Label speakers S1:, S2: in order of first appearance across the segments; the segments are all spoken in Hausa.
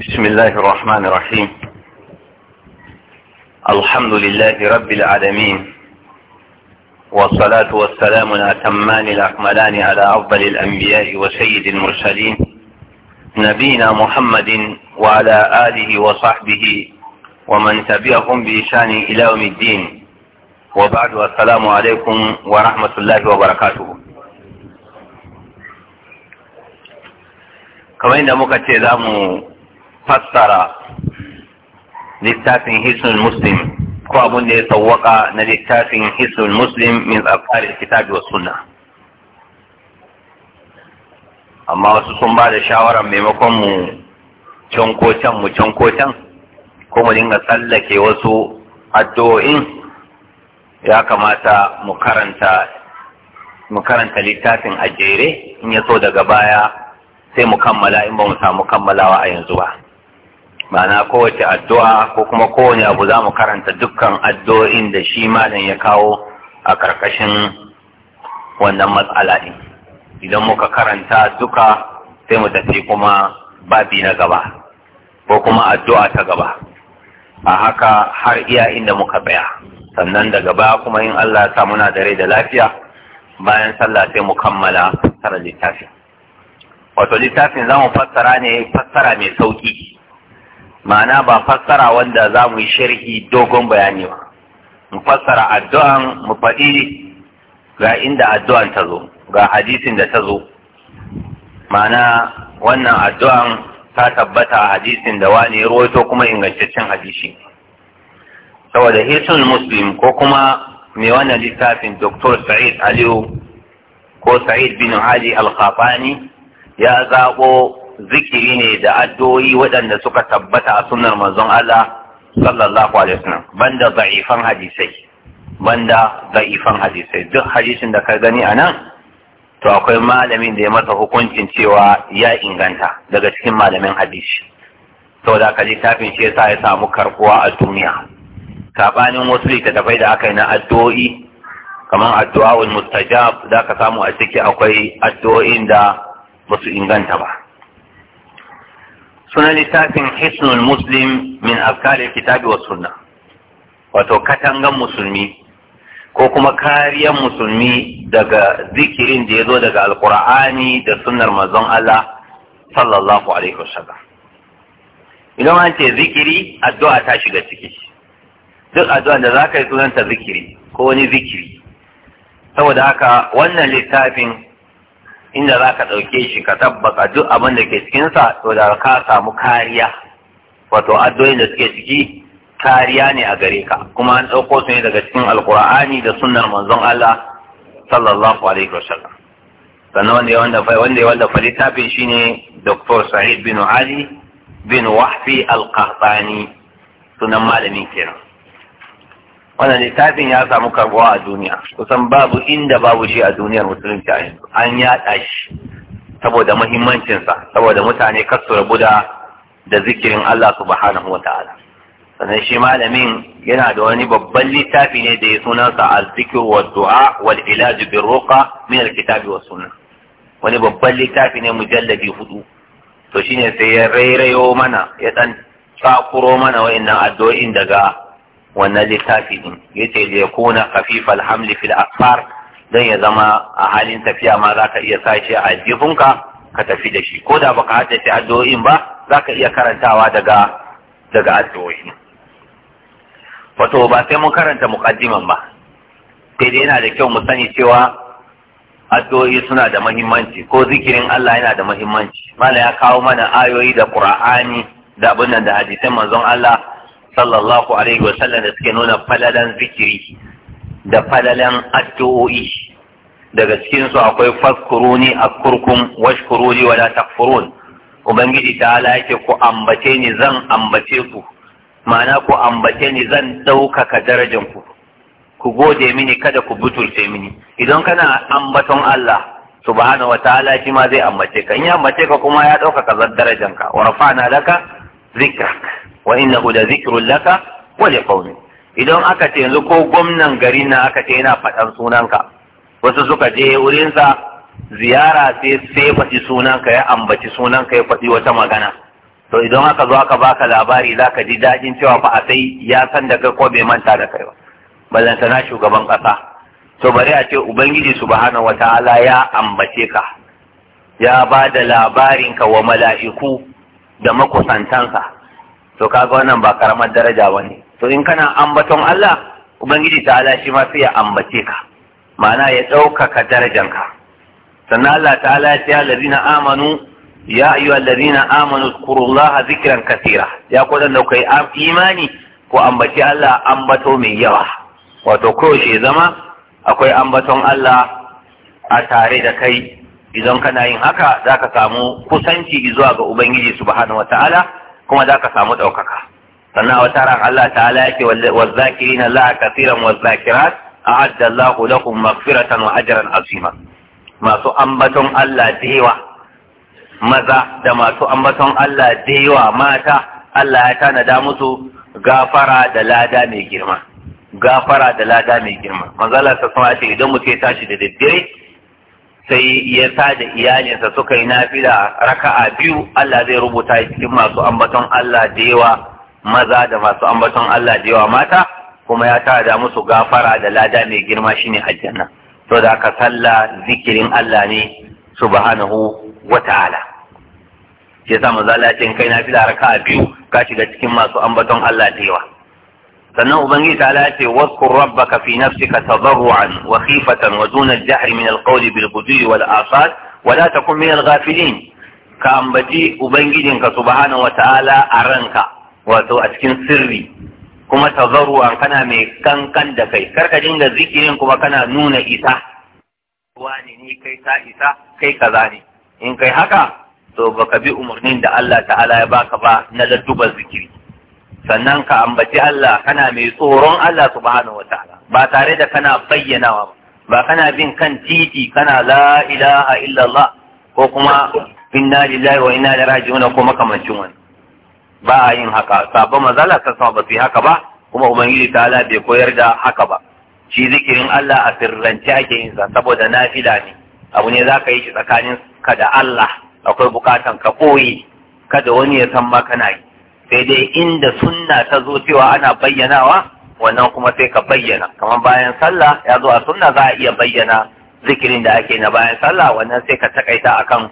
S1: بسم الله الرحمن الرحيم الحمد لله رب العالمين والصلاة والسلام الأتمان الأكملان على أفضل الأنبياء وسيد المرسلين نبينا محمد وعلى آله وصحبه ومن تبعهم بإشان إلى يوم الدين وبعد السلام عليكم ورحمة الله وبركاته كما yadda muka ce fassara littafin hisnul muslim ko abin da ya sawwaka na littafin hisnul muslim min tsakarin kitabi wa sunna amma wasu sun ba da shawarar maimakon mu can ko mu can ko can ko mu dinga tsallake wasu addu'o'in ya kamata mu karanta mu karanta littafin a jere in ya so daga baya sai mu kammala in ba mu samu kammalawa a yanzu ba ma'ana kowace addu'a ko kuma kowane abu za mu karanta dukkan addu'o'in da shi malam ya kawo a karkashin wannan matsala ɗin idan muka karanta duka sai mu tafi kuma babi na gaba ko kuma addu'a ta gaba a haka har iya inda muka tsaya sannan daga baya kuma in Allah ya sa muna da rai da lafiya bayan sallah sai mu kammala fassara littafin wato littafin za mu fassara ne fassara mai sauƙi ma'ana ba fassara wanda za mu yi sharhi dogon bayani ba mu fassara addu'an mu faɗi ga inda addu'an ta zo ga hadisin da ta zo ma'ana wannan addu'an ta tabbata a hadisin da wani rawaito kuma ingantaccen hadisi saboda hisul muslim ko kuma mai wannan littafin dr sa'id aliyu ko sa'id bin hali al ya zaɓo zikiri ne da addu'o'i waɗanda suka tabbata a sunnar manzon Allah sallallahu alaihi wasallam banda da'ifan hadisai banda da'ifan hadisai duk hadisin da ka gani a nan to akwai malamin da ya masa hukuncin cewa ya inganta daga cikin malamin hadisi saboda ka littafin shi yasa ya samu karkuwa a duniya sabanin wasu littattafai da aka yi na addu'o'i kamar addu'a wal mustajab za ka samu a ciki akwai addu'o'in da ba su inganta ba sunan littafin hisnul muslim min afkarin kitabi wa sunna wato katangan musulmi ko kuma kariyar musulmi daga zikirin da ya zo daga alkur'ani da sunnar manzon Allah sallallahu alaihi wasallam idan an ce zikiri addu'a ta shiga ciki duk addu'a da za ka yi sunanta zikiri ko wani zikiri saboda haka wannan littafin inda za ka ɗauke shi ka tabbaka duk abin da ke cikinsa to da ka samu kariya wato addu'o'in da suke ciki kariya ne a gare ka kuma an ɗauko su ne daga cikin alkur'ani da sunnar manzon Allah sallallahu alaihi wasallam sannan wanda ya wallafa wanda ya fa littafin shine Dr. Sa'id bin Ali bin Wahfi al-Qahtani sunan malamin kenan wannan littafin ya samu karbuwa a duniya kusan babu inda babu shi a duniyar musulunci a yanzu an yaɗa shi saboda muhimmancinsa saboda mutane kasu rabu da da zikirin Allah subhanahu wata'ala sannan shi malamin yana da wani babban littafi ne da ya sunansa al-zikr wa du'a wal ilaj bir ruqa min al wani babban littafi ne mujalladi hudu to shine sai ya rairayo mana ya dan tsakuro mana wa'annan addu'o'in daga wannan littafi din yace ya kuna khafifal hamli fil asfar dan ya zama a halin tafiya ma zaka iya sashi a jifunka ka tafi da shi ko da baka shi addu'o'in ba zaka iya karantawa daga daga addu'o'i wato ba sai mun karanta muqaddiman ba sai dai yana da kyau mu sani cewa addu'o'i suna da muhimmanci ko zikirin Allah yana da muhimmanci mala ya kawo mana ayoyi da Qur'ani da abin nan da hadisan manzon Allah sallallahu alaihi wa da suke nuna falalan zikiri da falalan addu'o'i daga cikin su akwai a akurkum washkuruni wala takfurun ubangiji ta ala yake ku ambace ni zan ambace ku ma'ana ku ambace ni zan ɗaukaka darajan ku ku gode mini kada ku butulce mini idan kana ambaton Allah subhanahu wataala shi ma zai ambace ka in ya ambace ka kuma ya ɗaukaka darajanka wa rafa'na laka zikrak wa innahu la zikirun laka wale kaunin idan aka ce yanzu ko gwamnan garin na aka ce yana faɗan sunanka wasu suka je wurinsa ziyara sai sai faɗi sunanka ya ambaci sunanka ya faɗi wata magana to idan aka zo aka baka labari za ka ji daɗin cewa fa a sai ya san da kai ko bai manta da kai ba na shugaban ƙasa to bari a ce ubangiji subhanahu wataala ya ambace ka ya ba da labarinka wa mala'iku da makusantansa to kaga wannan ba karamar daraja ba ne to in kana ambaton Allah ubangiji ta ala shi ma sai ya ambace ka ma'ana ya ɗaukaka darajanka sannan Allah ta ala ya lazina amanu ya ayyu allazina amanu zkurullaha zikran kathira ya ko dan kai imani ko ambaci Allah ambato mai yawa wato ko shi zama akwai ambaton Allah a tare da kai idan kana yin haka zaka samu kusanci zuwa ga ubangiji subhanahu wataala kuma za ka samu ɗaukaka sannan a wata ran Allah ta'ala yake wazzakirina la kafiran wazzakirat a'adda Allahu lakum maghfiratan wa ajran azima masu ambaton Allah da yawa maza da masu ambaton Allah da yawa mata Allah ya tanada musu gafara da lada mai girma gafara da lada mai girma manzo Allah ta sama ce idan mutum ya tashi da daddare sai ya sa da iyalinsa suka yi nafila raka'a biyu Allah zai rubuta cikin masu ambaton Allah da yawa maza da masu ambaton Allah da yawa mata kuma ya tada musu gafara da lada mai girma shine aljanna to da aka sallah zikirin Allah ne subhanahu wata'ala ya sa maza Allah kai nafila raka'a biyu ka shiga cikin masu ambaton Allah da yawa sannan ubangiji ta ala ce waskur rabbaka fi nafsika tadarruan wa khifatan wa duna al-jahri min al-qawli bil ghudwi wal asal wa la takun min al-ghafilin ka ambaci ubangijinka subhanahu wa a ranka wato a cikin sirri kuma tadarruan kana mai kankan da kai karka dinga zikirin kuma kana nuna isa wani ne kai ka isa kai kaza ne in kai haka to baka bi umarnin da Allah ta'ala ya baka ba na laddubar zikiri sannan ka ambaci Allah kana mai tsoron Allah subhanahu ta'ala. ba tare da kana bayyanawa ba ba kana bin kan titi kana la ilaha illallah ko kuma inna lillahi wa inna ilaihi raji'un ko makamancin wani ba a yin haka sabon mazala ta sama ba su yi haka ba kuma ubangiji ta ala bai koyar da haka ba shi zikirin Allah a sirrance ake yin sa saboda nafila ne abu ne za ka yi shi tsakanin ka da Allah akwai bukatan ka koyi kada wani ya san ma kana yi sai dai inda sunna ta zo cewa ana bayyanawa wannan kuma sai ka bayyana kamar bayan sallah ya zo a sunna za a iya bayyana zikirin da ake na bayan sallah wannan sai ka takaita akan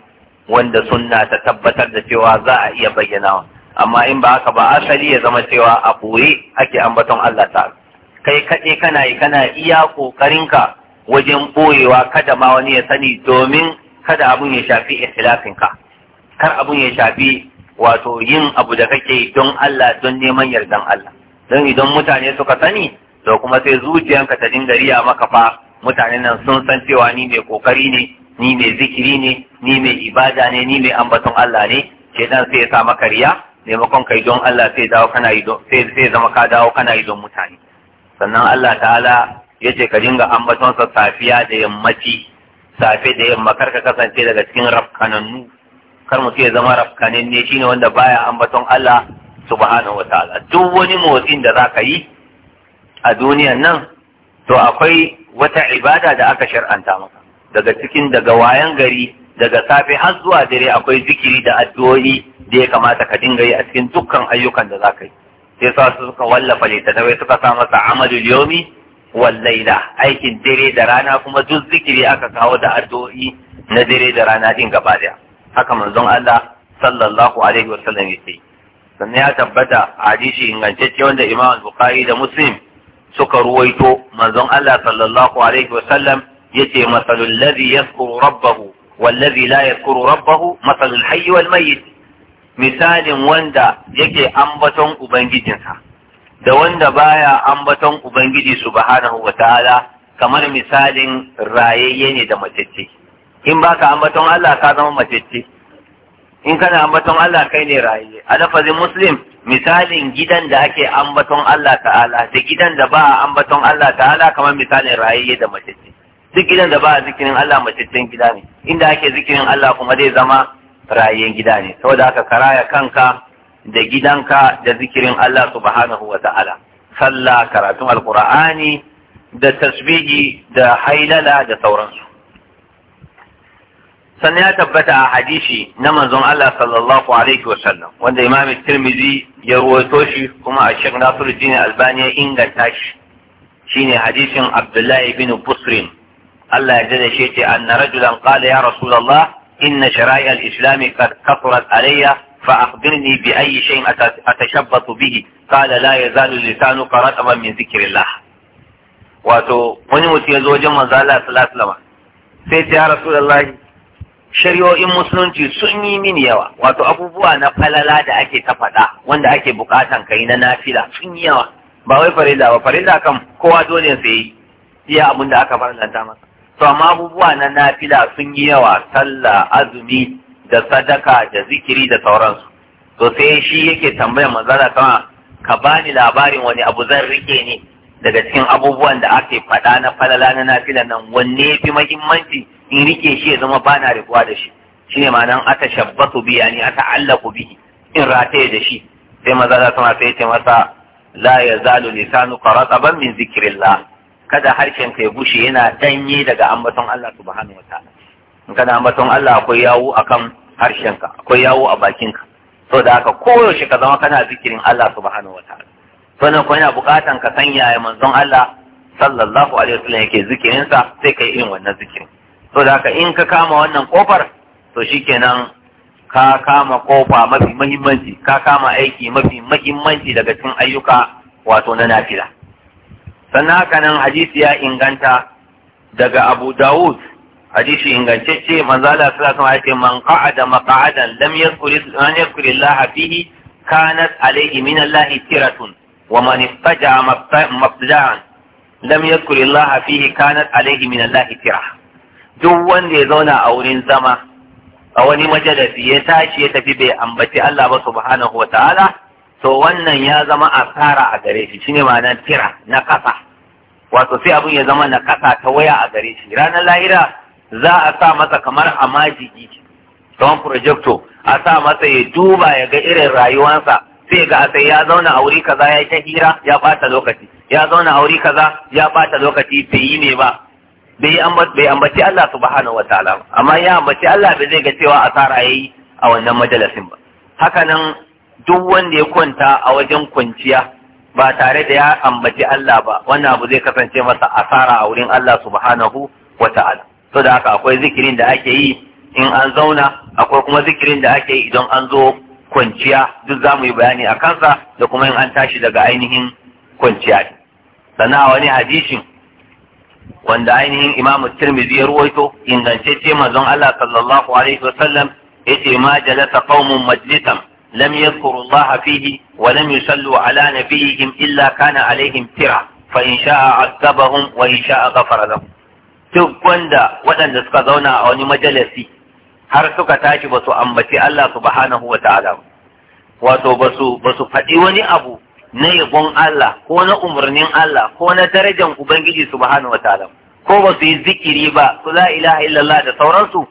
S1: wanda sunna ta tabbatar da cewa za a iya bayyanawa amma in ba haka ba asali ya zama cewa a ɓoye ake ambaton Allah ta kai kaɗai kana yi kana iya ka wajen ɓoyewa kada ma wani ya sani domin kada abun ya shafi ka kar abun ya shafi wato yin abu da kake don Allah don neman yardan Allah don idan mutane suka sani to kuma sai zuciyanka ta dinga riya maka fa mutanen nan sun san cewa ni mai kokari ne ni mai zikiri ne ni mai ibada ne ni mai ambaton Allah ne Ke dan sai ya sa maka riya maimakon kai don Allah sai dawo kana yi sai sai zama ka dawo kana yi don mutane sannan Allah ta'ala ya ce ka dinga ambaton sa safiya da yammaci safe da yamma kar ka kasance daga cikin rafkanannu kar mutum ya zama rafkanin ne shine wanda baya ambaton Allah subhanahu wa ta'ala duk wani motsin da zaka yi a duniyan nan to akwai wata ibada da aka shar'anta maka daga cikin daga wayan gari daga safe har zuwa dare akwai zikiri da addu'o'i da ya kamata ka dinga yi a cikin dukkan ayyukan da zaka yi sai sa su suka wallafa littattafai suka sa masa amalul yomi wal aikin dare da rana kuma duk zikiri aka kawo da addu'o'i na dare da rana din gaba daya haka manzon Allah sallallahu alaihi wasallam yake sannan ya tabbata a hadisi ingantacce wanda Imam Bukhari da Muslim suka ruwaito manzon Allah sallallahu alaihi wasallam yace masalul ladhi yadhkuru rabbahu wallazi la yadhkuru rabbahu masalul hayy wal misalin wanda yake ambaton bangijinsa da wanda baya ambaton ubangiji subhanahu wataala kamar misalin rayayye ne da matacce in ba ka ambaton Allah ka zama macece in kana ambaton Allah kai ne raye a lafazin muslim misalin gidan da ake ambaton Allah ta'ala da gidan da ba ambaton Allah ta'ala kamar misalin raye da macece duk gidan da ba zikirin Allah macecen gida ne inda ake zikirin Allah kuma zai zama raye gida ne saboda haka karaya kanka da gidanka da zikirin Allah subhanahu wa ta'ala sallah karatun alqur'ani da tasbihi da hailala da sauransu sannan ya tabbata a hadishi na manzon Allah sallallahu alaihi wasallam wanda Imam Tirmidhi ya ruwaito shi kuma a Sheikh Nasiruddin Albani ya inganta shi shine hadisin Abdullahi bin Busrin Allah ya dade shi ce anna rajulan qala ya Rasulullah inna shara'i al-islam qad kathurat alayya فأخبرني بأي شيء أتشبط به bihi, لا يزال اللسان رطبا من min الله wato wani mutum ya zo wajen manzo Allah sallallahu alaihi wasallam sai ya rasu da Allah shari'o'in musulunci sun yi mini yawa wato abubuwa na falala da ake ta faɗa wanda ake bukatan kai na nafila sun yi yawa ba wai farilla ba farilla kan kowa dole sai yi iya abin da aka faranta masa to amma abubuwa na nafila sun yi yawa sallah azumi da sadaka da zikiri da sauransu to sai shi yake tambayar manzala kama ka bani labarin wani abu zan rike ne daga cikin abubuwan da ake faɗa na falala na nafila nan wanne fi muhimmanci in rike shi ya zama bana rikuwa da shi Shi ne ma'anan ata shabbatu bi yani ata allaku bihi in rataye da shi sai maza za su masa yace masa la yazalu lisanuka rataban min zikrillah kada harshen ka ya bushe yana danye daga ambaton Allah subhanahu wataala in kana ambaton Allah akwai yawo akan harshen ka akwai yawo a bakin ka so da haka koyaushe ka zama kana zikirin Allah subhanahu wataala sannan kuma yana bukatan ka sanya ya manzon Allah sallallahu alaihi wasallam yake zikirinsa sai kai irin wannan zikirin to da ka in ka kama wannan kofar to shikenan ka kama kofa mafi mahimmanci ka kama aiki mafi mahimmanci daga cikin ayyuka wato na nafila sannan haka nan hadisi ya inganta daga Abu Dawud hadisi ingantacce manzo Allah sallallahu alaihi wasallam man qa'ada maq'adan lam yadhkur an yadhkur Allah fihi kanat alayhi min Allah tiratun wa man istaja'a mabta'an lam yadhkur Allah fihi kanat alayhi min Allah tirah duk wanda ya zauna a wurin zama a wani majalisi ya tashi ya tafi bai ambaci Allah ba subhanahu wa ta'ala to wannan ya zama asara a gare shi shine ma'anar tira na kasa wato sai abin ya zama na kasa ta waya a gare shi ranar lahira za a sa masa kamar a majigi kamar projecto a sa masa ya duba ya ga irin rayuwansa sai ga sai ya zauna a wuri kaza ya ta hira ya bata lokaci ya zauna a wuri kaza ya bata lokaci bai yi ne ba bai ambaci Allah subhanahu wa ta'ala amma ya ambaci Allah bai zai ga cewa asara yayi a wannan majalisin ba hakanan duk wanda ya kwanta a wajen kwanciya ba tare da ya ambaci Allah ba wannan abu zai kasance masa asara a wurin Allah subhanahu wa ta'ala to da haka akwai zikirin da ake yi in an zauna akwai kuma zikirin da ake yi idan an zo kwanciya duk za mu yi bayani a kansa da kuma in an tashi daga ainihin kwanciya sannan a wani hadishin wanda ainihin imamu tirmidhi ya ruwaito ingantacce manzon Allah sallallahu alaihi sallam, yace ma jalasa qaumun majlisan lam yadhkuru Allah fihi wa lam yusallu ala nabiyihim illa kana alaihim tira fa in sha'a azabahum wa in sha'a ghafara lahum duk wanda waɗanda suka zauna a wani majalisi har suka tashi ba su ambaci Allah subhanahu wa ta'ala wato ba su faɗi wani abu na yabon Allah ko na umarnin Allah ko na darajan Ubangiji subhanahu wataala ko ba su yi zikiri ba su la ilaha illallah da sauransu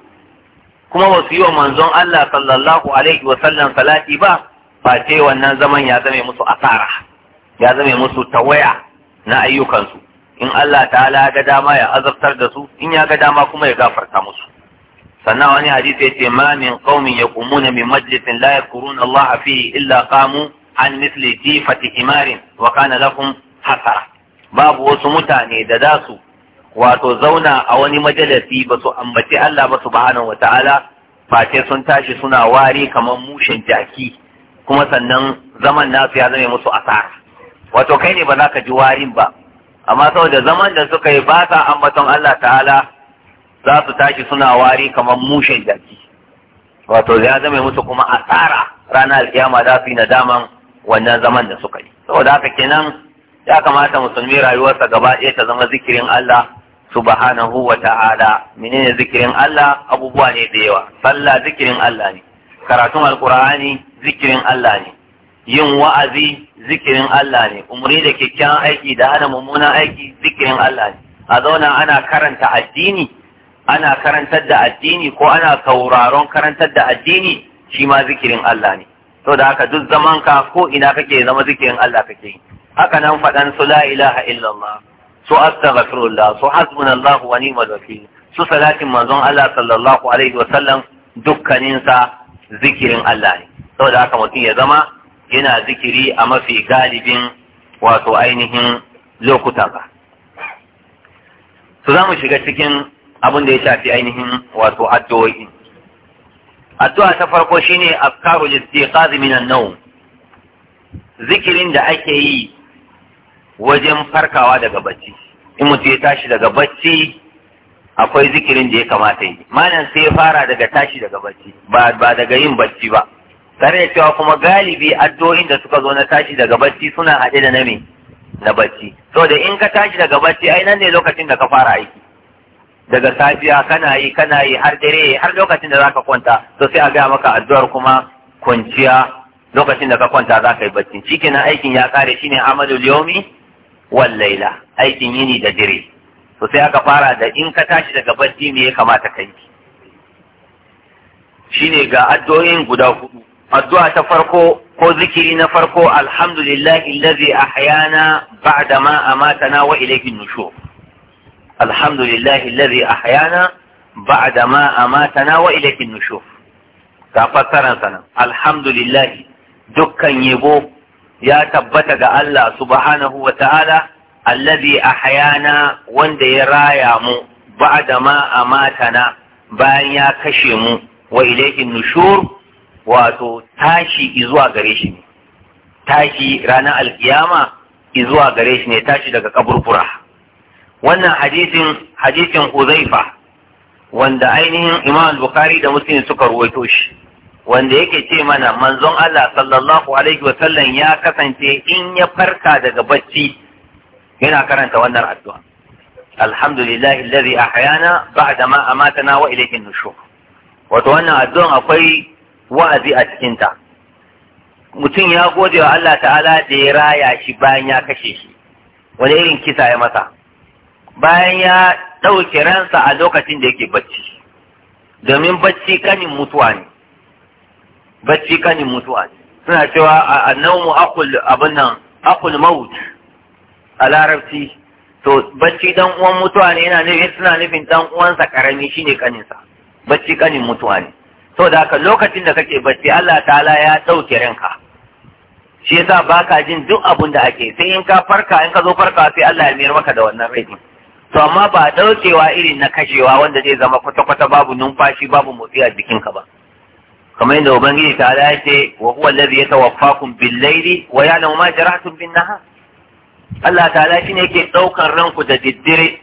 S1: kuma ba su yi wa manzon Allah sallallahu alaihi wa sallam salati ba ba ce wannan zaman ya zame musu asara ya zame musu tawaya na ayyukansu in Allah ta'ala ga dama ya azabtar da su in ya ga dama kuma ya gafarta musu sannan wani hadisi ya ce ma min qaumin yaqumuna min majlisin la yadhkuruna Allah fihi illa qamu an misli jifati himarin wa kana lakum hasara babu wasu mutane da za su wato zauna a wani majalisi ba su ambaci Allah ba su wa wata'ala face sun tashi suna wari kamar mushin jaki kuma sannan zaman nasu ya zame musu asara wato kai ne ba za ka ji warin ba amma saboda zaman da suka yi ba sa ambaton Allah ta'ala za su tashi suna wari kamar mushin jaki wato ya zame musu kuma asara ranar alkiyama za su yi nadaman wannan zaman da suka yi saboda haka kenan ya kamata musulmi rayuwarsa gaba ɗaya ta zama zikirin Allah subhanahu wa ta'ala menene zikirin Allah abubuwa ne da yawa sallah zikirin Allah ne karatun alkur'ani zikirin Allah ne yin wa'azi zikirin Allah ne umri da kyakkyawan aiki da hana mummunan aiki zikirin Allah ne a zauna ana karanta addini ana karantar da addini ko ana sauraron karantar da addini shi ma zikirin Allah ne da haka duk zaman ka ko ina kake zama zikirin Allah kake haka nan faɗan su la ilaha illallah su astaghfirullah su hasbunallahu wa ni'mal wakil su salatin manzon Allah sallallahu alaihi wa sallam dukkanin sa zikirin Allah ne saboda haka mutum ya zama yana zikiri a mafi galibin wato ainihin lokutan ka su za mu shiga cikin abin da ya shafi ainihin wato addu'o'i addu'a ta farko shine afkarul istiqaz min an-nawm zikirin da ake yi wajen farkawa daga bacci in mutum ya tashi daga bacci akwai zikirin da ya kamata yi malam sai ya fara daga tashi daga bacci ba ba daga yin bacci ba tare da cewa kuma galibi addu'o'in da suka zo na tashi daga bacci suna haɗe da na me na bacci saboda in ka tashi daga bacci ai nan ne lokacin da ka fara aiki daga safiya kana yi kana yi har dare har lokacin da zaka kwanta to sai a gaya maka addu'ar kuma kwanciya lokacin da ka kwanta za ka yi bacci shikenan aikin ya kare shine amalul yawmi wal Layla aikin yini da dare to sai aka fara da in ka tashi daga bacci me ya kamata ka yi shine ga addu'o'in guda hudu addu'a ta farko ko zikiri na farko alhamdulillahi allazi ahyana ba'da ma amatana wa ilayhi nushur alhamdulillahi alladhi ahyana ba'da ma amatana wa ilayhi an-nushur ga fassaran sanan alhamdulillahi dukkan yabo ya tabbata ga Allah subhanahu wa ta'ala alladhi ahyana wanda ya raya mu ba'da ma amatana bayan ya kashe mu wa ilayhi nushur wato tashi zuwa gare ne tashi ranar alkiyama zuwa gareshi ne tashi daga kaburbura wannan hadisin hadisin Huzaifa wanda ainihin Imam Bukhari da Muslim suka ruwaito shi wanda yake ce mana manzon Allah sallallahu alaihi wa sallam ya kasance in ya farka daga bacci yana karanta wannan addu'a alhamdulillahi alladhi ahyana ba'da ma amatana wa ilayhi nushur wato wannan addu'an akwai wa'azi a cikin ta mutum ya gode wa Allah ta'ala da ya raya shi bayan ya kashe shi wani irin kisa ya masa bayan ya ɗauke ransa a lokacin da yake bacci domin bacci kanin mutuwa ne bacci kanin mutuwa ne suna cewa a naumu akul abin nan akul maut a larabci to bacci dan uwan mutuwa ne yana nufin suna nufin dan uwansa karami shine kaninsa bacci kanin mutuwa ne to da haka lokacin da kake bacci Allah ta'ala ya ɗauke ranka shi yasa baka jin duk abun da ake sai in ka farka in ka zo farka sai Allah ya mayar maka da wannan rai to amma ba daukewa irin na kashewa wanda zai zama kwata-kwata babu numfashi babu motsi a jikinka ba kamar yadda ubangiji ta ala yace wa huwa allazi yatawaffakum bil layli wa ya'lamu ma jarahtum bin nahar Allah ta'ala shi ne yake daukar ranku da diddire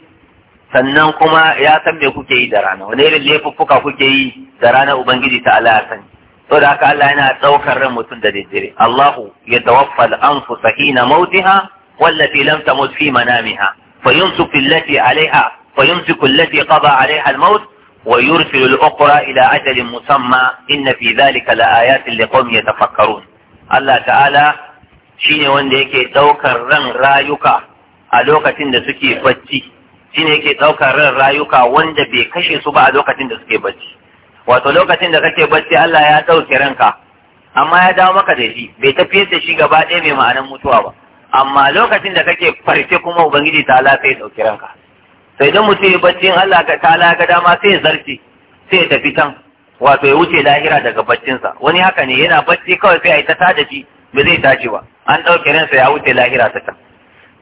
S1: sannan kuma ya san me kuke yi da rana wani irin laifuffuka kuke yi da rana ubangiji Taala ya sani to da haka Allah yana daukar ran mutum da diddire Allahu yatawaffa al-anfusa hina mautiha wallati lam tamut fi manamiha فيمسك التي عليها فيمسك التي قضى عليها الموت ويرسل الأخرى إلى أجل مسمى إن في ذلك لآيات لقوم يتفكرون الله تعالى shine wanda yake ɗaukar ran rayuka a lokacin da suke bacci shine yake ɗaukar ran rayuka wanda bai kashe su ba a lokacin da suke bacci wato lokacin da kake bacci Allah ya ɗauke ranka amma ya dawo maka da shi bai tafiyar da shi gaba ɗaya mai ma'anar mutuwa ba amma lokacin da kake farke kuma ubangiji ta ala sai dauki ranka sai dan mutum ya bacci Allah ka ta ala ga dama sai ya zarce sai ya tafi can wato ya wuce lahira daga baccinsa wani haka ne yana bacci kawai sai a yi ta tada shi ba zai tashi ba an ɗauki ransa ya wuce lahira ta can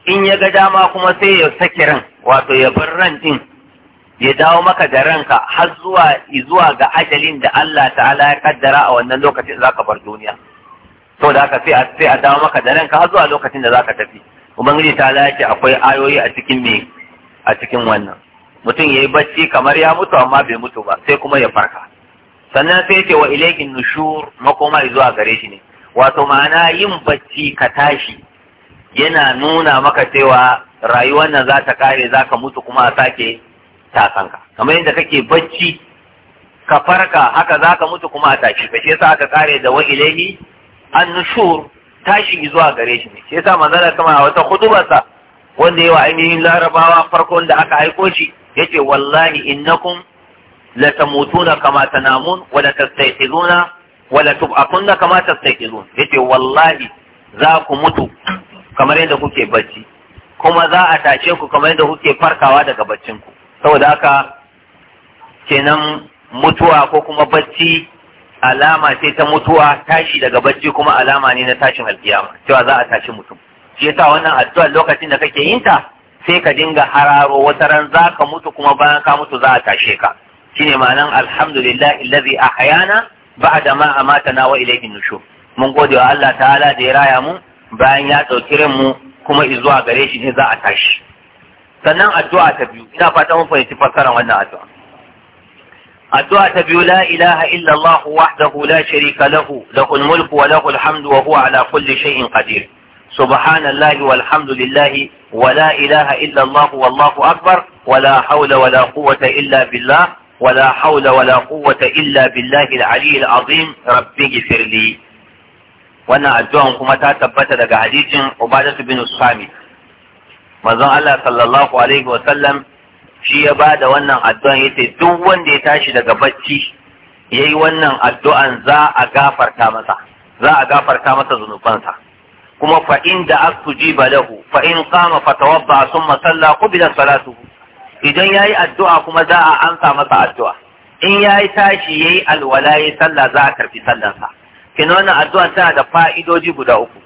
S1: in ya ga dama kuma sai ya sake ran wato ya bar ran din ya dawo maka da ranka har zuwa zuwa ga ajalin da Allah ta'ala ya kaddara a wannan lokacin zaka bar duniya saboda haka sai a sai a dawo maka da nan ka zuwa lokacin da za ka tafi ubangiji ta yake akwai ayoyi a cikin me a cikin wannan mutum yayi bacci kamar ya mutu amma bai mutu ba sai kuma ya farka sannan sai ce wa ilaikin nushur makoma zuwa gare shi ne wato ma'ana yin bacci ka tashi yana nuna maka cewa rayuwar nan za ta kare za ka mutu kuma a sake tasanka kamar yadda kake bacci ka farka haka za ka mutu kuma a tashi ka shi yasa aka kare da wa ilaihi annushur tashi zuwa gare shi ne shi yasa manzala kama a wata hudubarsa wanda yawa ainihin larabawa farkon da aka aiko shi yace wallahi innakum la tamutuna kama tanamun wa la tastayqizuna wa la tub'atunna kama tastayqizun yace wallahi za ku mutu kamar yadda kuke bacci kuma za a tashe ku kamar yadda kuke farkawa daga baccin ku saboda haka kenan mutuwa ko kuma bacci alama ce ta mutuwa tashi daga bacci kuma alama ne na tashin alkiyama cewa za a tashi mutum shi yasa wannan addu'a lokacin da kake yin ta sai ka dinga hararo wata ran za ka mutu kuma bayan ka mutu za a tashe ka shine ma'anan alhamdulillah allazi ahyana ba'da ma amatana wa ilayhi nushur mun gode wa Allah ta'ala da ya raya mu bayan ya dauki ran mu kuma zuwa gare shi ne za a tashi sannan addu'a ta biyu ina fata mun fahimci fassarar wannan addu'a الدعاء تبيو لا إله إلا الله وحده لا شريك له له الملك وله الحمد وهو على كل شيء قدير سبحان الله والحمد لله ولا إله إلا الله والله أكبر ولا حول ولا قوة إلا بالله ولا حول ولا قوة إلا بالله العلي العظيم ربي اغفر لي وانا الدعاء كما تثبت لك حديث عبادة بن الصامت ما الله صلى الله عليه وسلم shi ya ba da wannan addu'an ya ce duk wanda ya tashi daga bacci ya yi wannan addu'an za a gafarta masa za a gafarta masa zunubansa kuma fa'in da aku ji lahu fa'in kama a sun masalla kubilar salatu idan ya yi addu'a kuma za a ansa masa addu'a in ya yi tashi ya yi alwala ya sallah za a karfi sallansa kina wannan addu'an tana da fa'idoji guda uku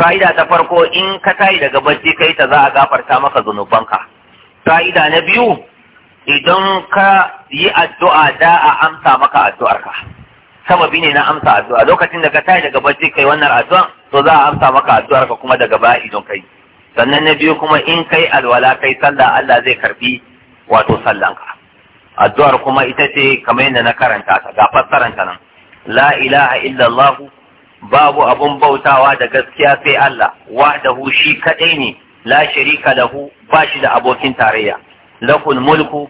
S1: fa'ida ta farko in ka tashi daga bacci kai ta za a gafarta maka zunubanka Fa'ida na biyu, idan ka yi addu'a da a amsa maka addu'arka. Sababi ne na amsa addu'a lokacin da ka tashi daga bacci kai wannan addu'a to za a amsa maka addu'arka kuma daga baya idan kai. Sannan na biyu kuma in kai alwala kai sallah Allah zai karbi wato sallanka. Addu'ar kuma ita ce kamar yadda na karanta ta ga ta nan. La ilaha illallah babu abun bautawa da gaskiya sai Allah wahdahu shi kadai ne la sharika lahu ba shi da abokin tarayya lakul mulku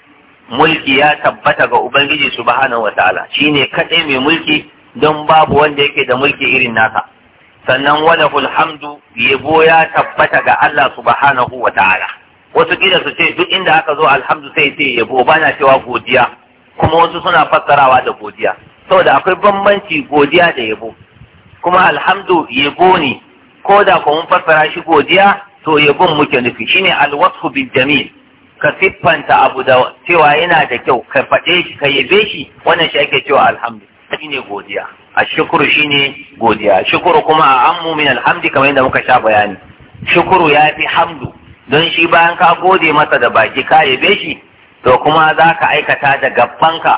S1: mulki ya tabbata ga ubangiji subhanahu wataala shine kadai mai mulki don babu wanda yake da mulki irin nasa sannan walahul hamdu yabo ya tabbata ga Allah subhanahu wataala wasu kila su ce duk inda aka zo alhamdu sai ce yabo bana cewa godiya kuma wasu suna fassarawa da godiya saboda akwai bambanci godiya da yabo kuma alhamdu yabo ne ko da kuma fassara shi godiya to bin muke nufi Shi shine alwasfu bin jamil ka siffanta abu da cewa yana da kyau ka faɗe shi ka yabe shi wannan shi ake cewa alhamdu ne godiya a shukuru shi ne godiya shukuru kuma a an min alhamdi kamar yadda muka sha bayani shukuru ya fi hamdu don shi bayan ka gode masa da baki ka yabe shi to kuma za ka aikata da gabbanka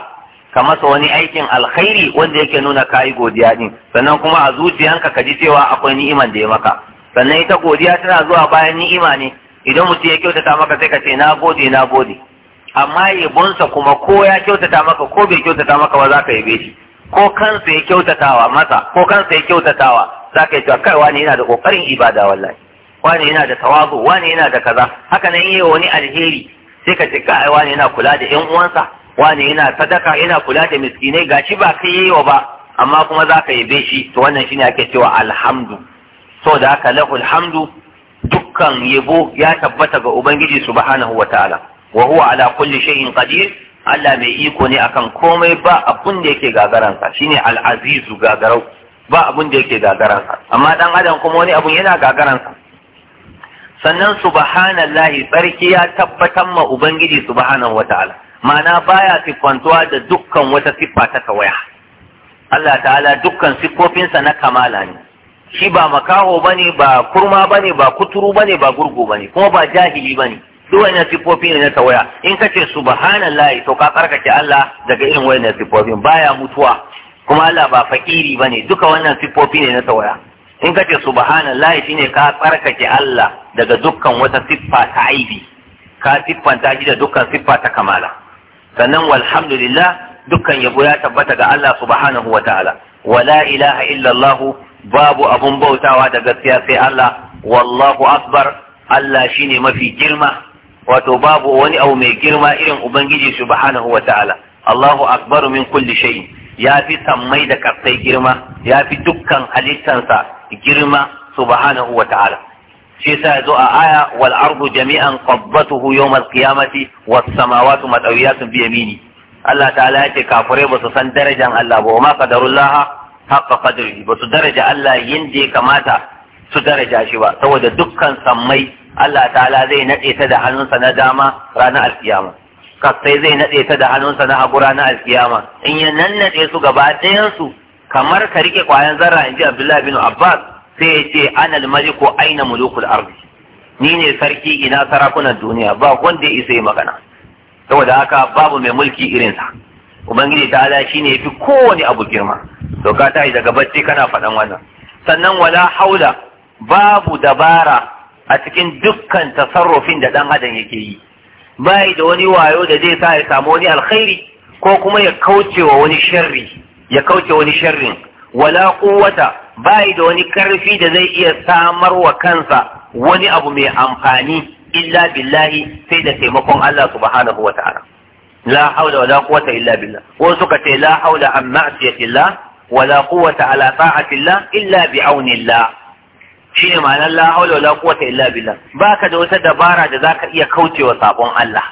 S1: ka masa wani aikin alkhairi wanda yake nuna kayi godiya din sannan kuma a zuciyanka ka ji cewa akwai ni'iman da ya maka sannan ita godiya tana zuwa bayan ni'ima ne idan mutum ya kyautata maka sai ka ce na gode na gode amma yabonsa kuma ko ya kyautata maka ko bai kyautata maka ba za ka yabe shi ko kansa ya kyautatawa masa ko kansa ya kyautatawa za ka yi cewa kai wani yana da kokarin ibada wallahi wani yana da tawazu wani yana da kaza haka nan yi wani alheri sai ka ce kai wani yana kula da yan uwansa wani yana sadaka yana kula da miskinai gashi ba kai yayi wa ba amma kuma za ka yabe shi to wannan shine ake cewa alhamdu so da haka lahu alhamdu dukkan yabo ya tabbata ga ubangiji subhanahu wataala wa huwa ala kulli shay'in qadir Allah mai iko ne akan komai ba abun da yake gagaransa shine al-azizu gagarau ba abun da yake gagaransa amma dan adam kuma wani abun yana gagaransa sannan subhanallahi sarki ya tabbatar ma ubangiji subhanahu wataala ma'ana baya sifantuwa da dukkan wata siffa ta kawaya Allah ta'ala dukkan siffofinsa na kamala ne shi ba makaho ne, ba kurma ne, ba kuturu ne, ba gurgu ne, kuma ba jahili ne. duk wannan siffofi ne na tawaya in ka ce subhanallahi to ka karkace Allah daga irin wannan siffofin baya mutuwa kuma Allah ba fakiri ne. duka wannan siffofi ne na tawaya in ka ce subhanallahi shine ka tsarkake Allah daga dukkan wata siffa ta aibi ka siffanta shi da dukkan siffa ta kamala sannan walhamdulillah dukkan yabo ya tabbata ga Allah subhanahu wataala wala ilaha illallah babu abun bautawa da gaskiya sai Allah wallahu akbar Allah shine mafi girma wato babu wani abu mai girma irin ubangiji subhanahu ta'ala. Allahu akbar min kulli shay ya fi sammai da kasai girma ya fi dukkan halittansa girma subhanahu wataala shi yasa yazo a aya wal ardu jami'an qabdatuhu yawm al qiyamati was samawati madawiyatun bi yamini Allah ta'ala yake kafirai ba su san darajan Allah ba ma qadarullah haqqa qadrihi ba su daraja Allah yanda ya kamata su daraja shi ba saboda dukkan sammai Allah ta'ala zai nade ta da hannunsa na dama ranar alkiyama kasai zai nade ta da hannunsa na hagu ranar alkiyama in ya nannade su gaba ɗayan su kamar ka rike kwayan zarra in ji Abdullahi bin Abbas sai ya ce anal maliku aina mulukul ardi ni ne sarki ina sarakunan duniya ba wanda ya isa yi magana saboda haka babu mai mulki irinsa ubangiji ta'ala ala ya yafi kowane abu girma to ka tashi daga bacci kana faɗan wannan sannan wala haula babu dabara a cikin dukkan tasarrufin da ɗan adam yake yi bai da wani wayo da zai sa ya samu wani alkhairi ko kuma ya kauce wa wani sharri ya kauce wani sharrin wala quwwata bai da wani karfi da zai iya samar wa kansa wani abu mai amfani illa billahi sai da taimakon Allah subhanahu wa ta'ala la haula wala quwwata illa billah Ko suka ce la haula an ma'siyati wala quwwata ala illa bi aunillah shine ma'anar la haula wala quwwata illa billah baka da wata dabara da zaka iya kaucewa sabon Allah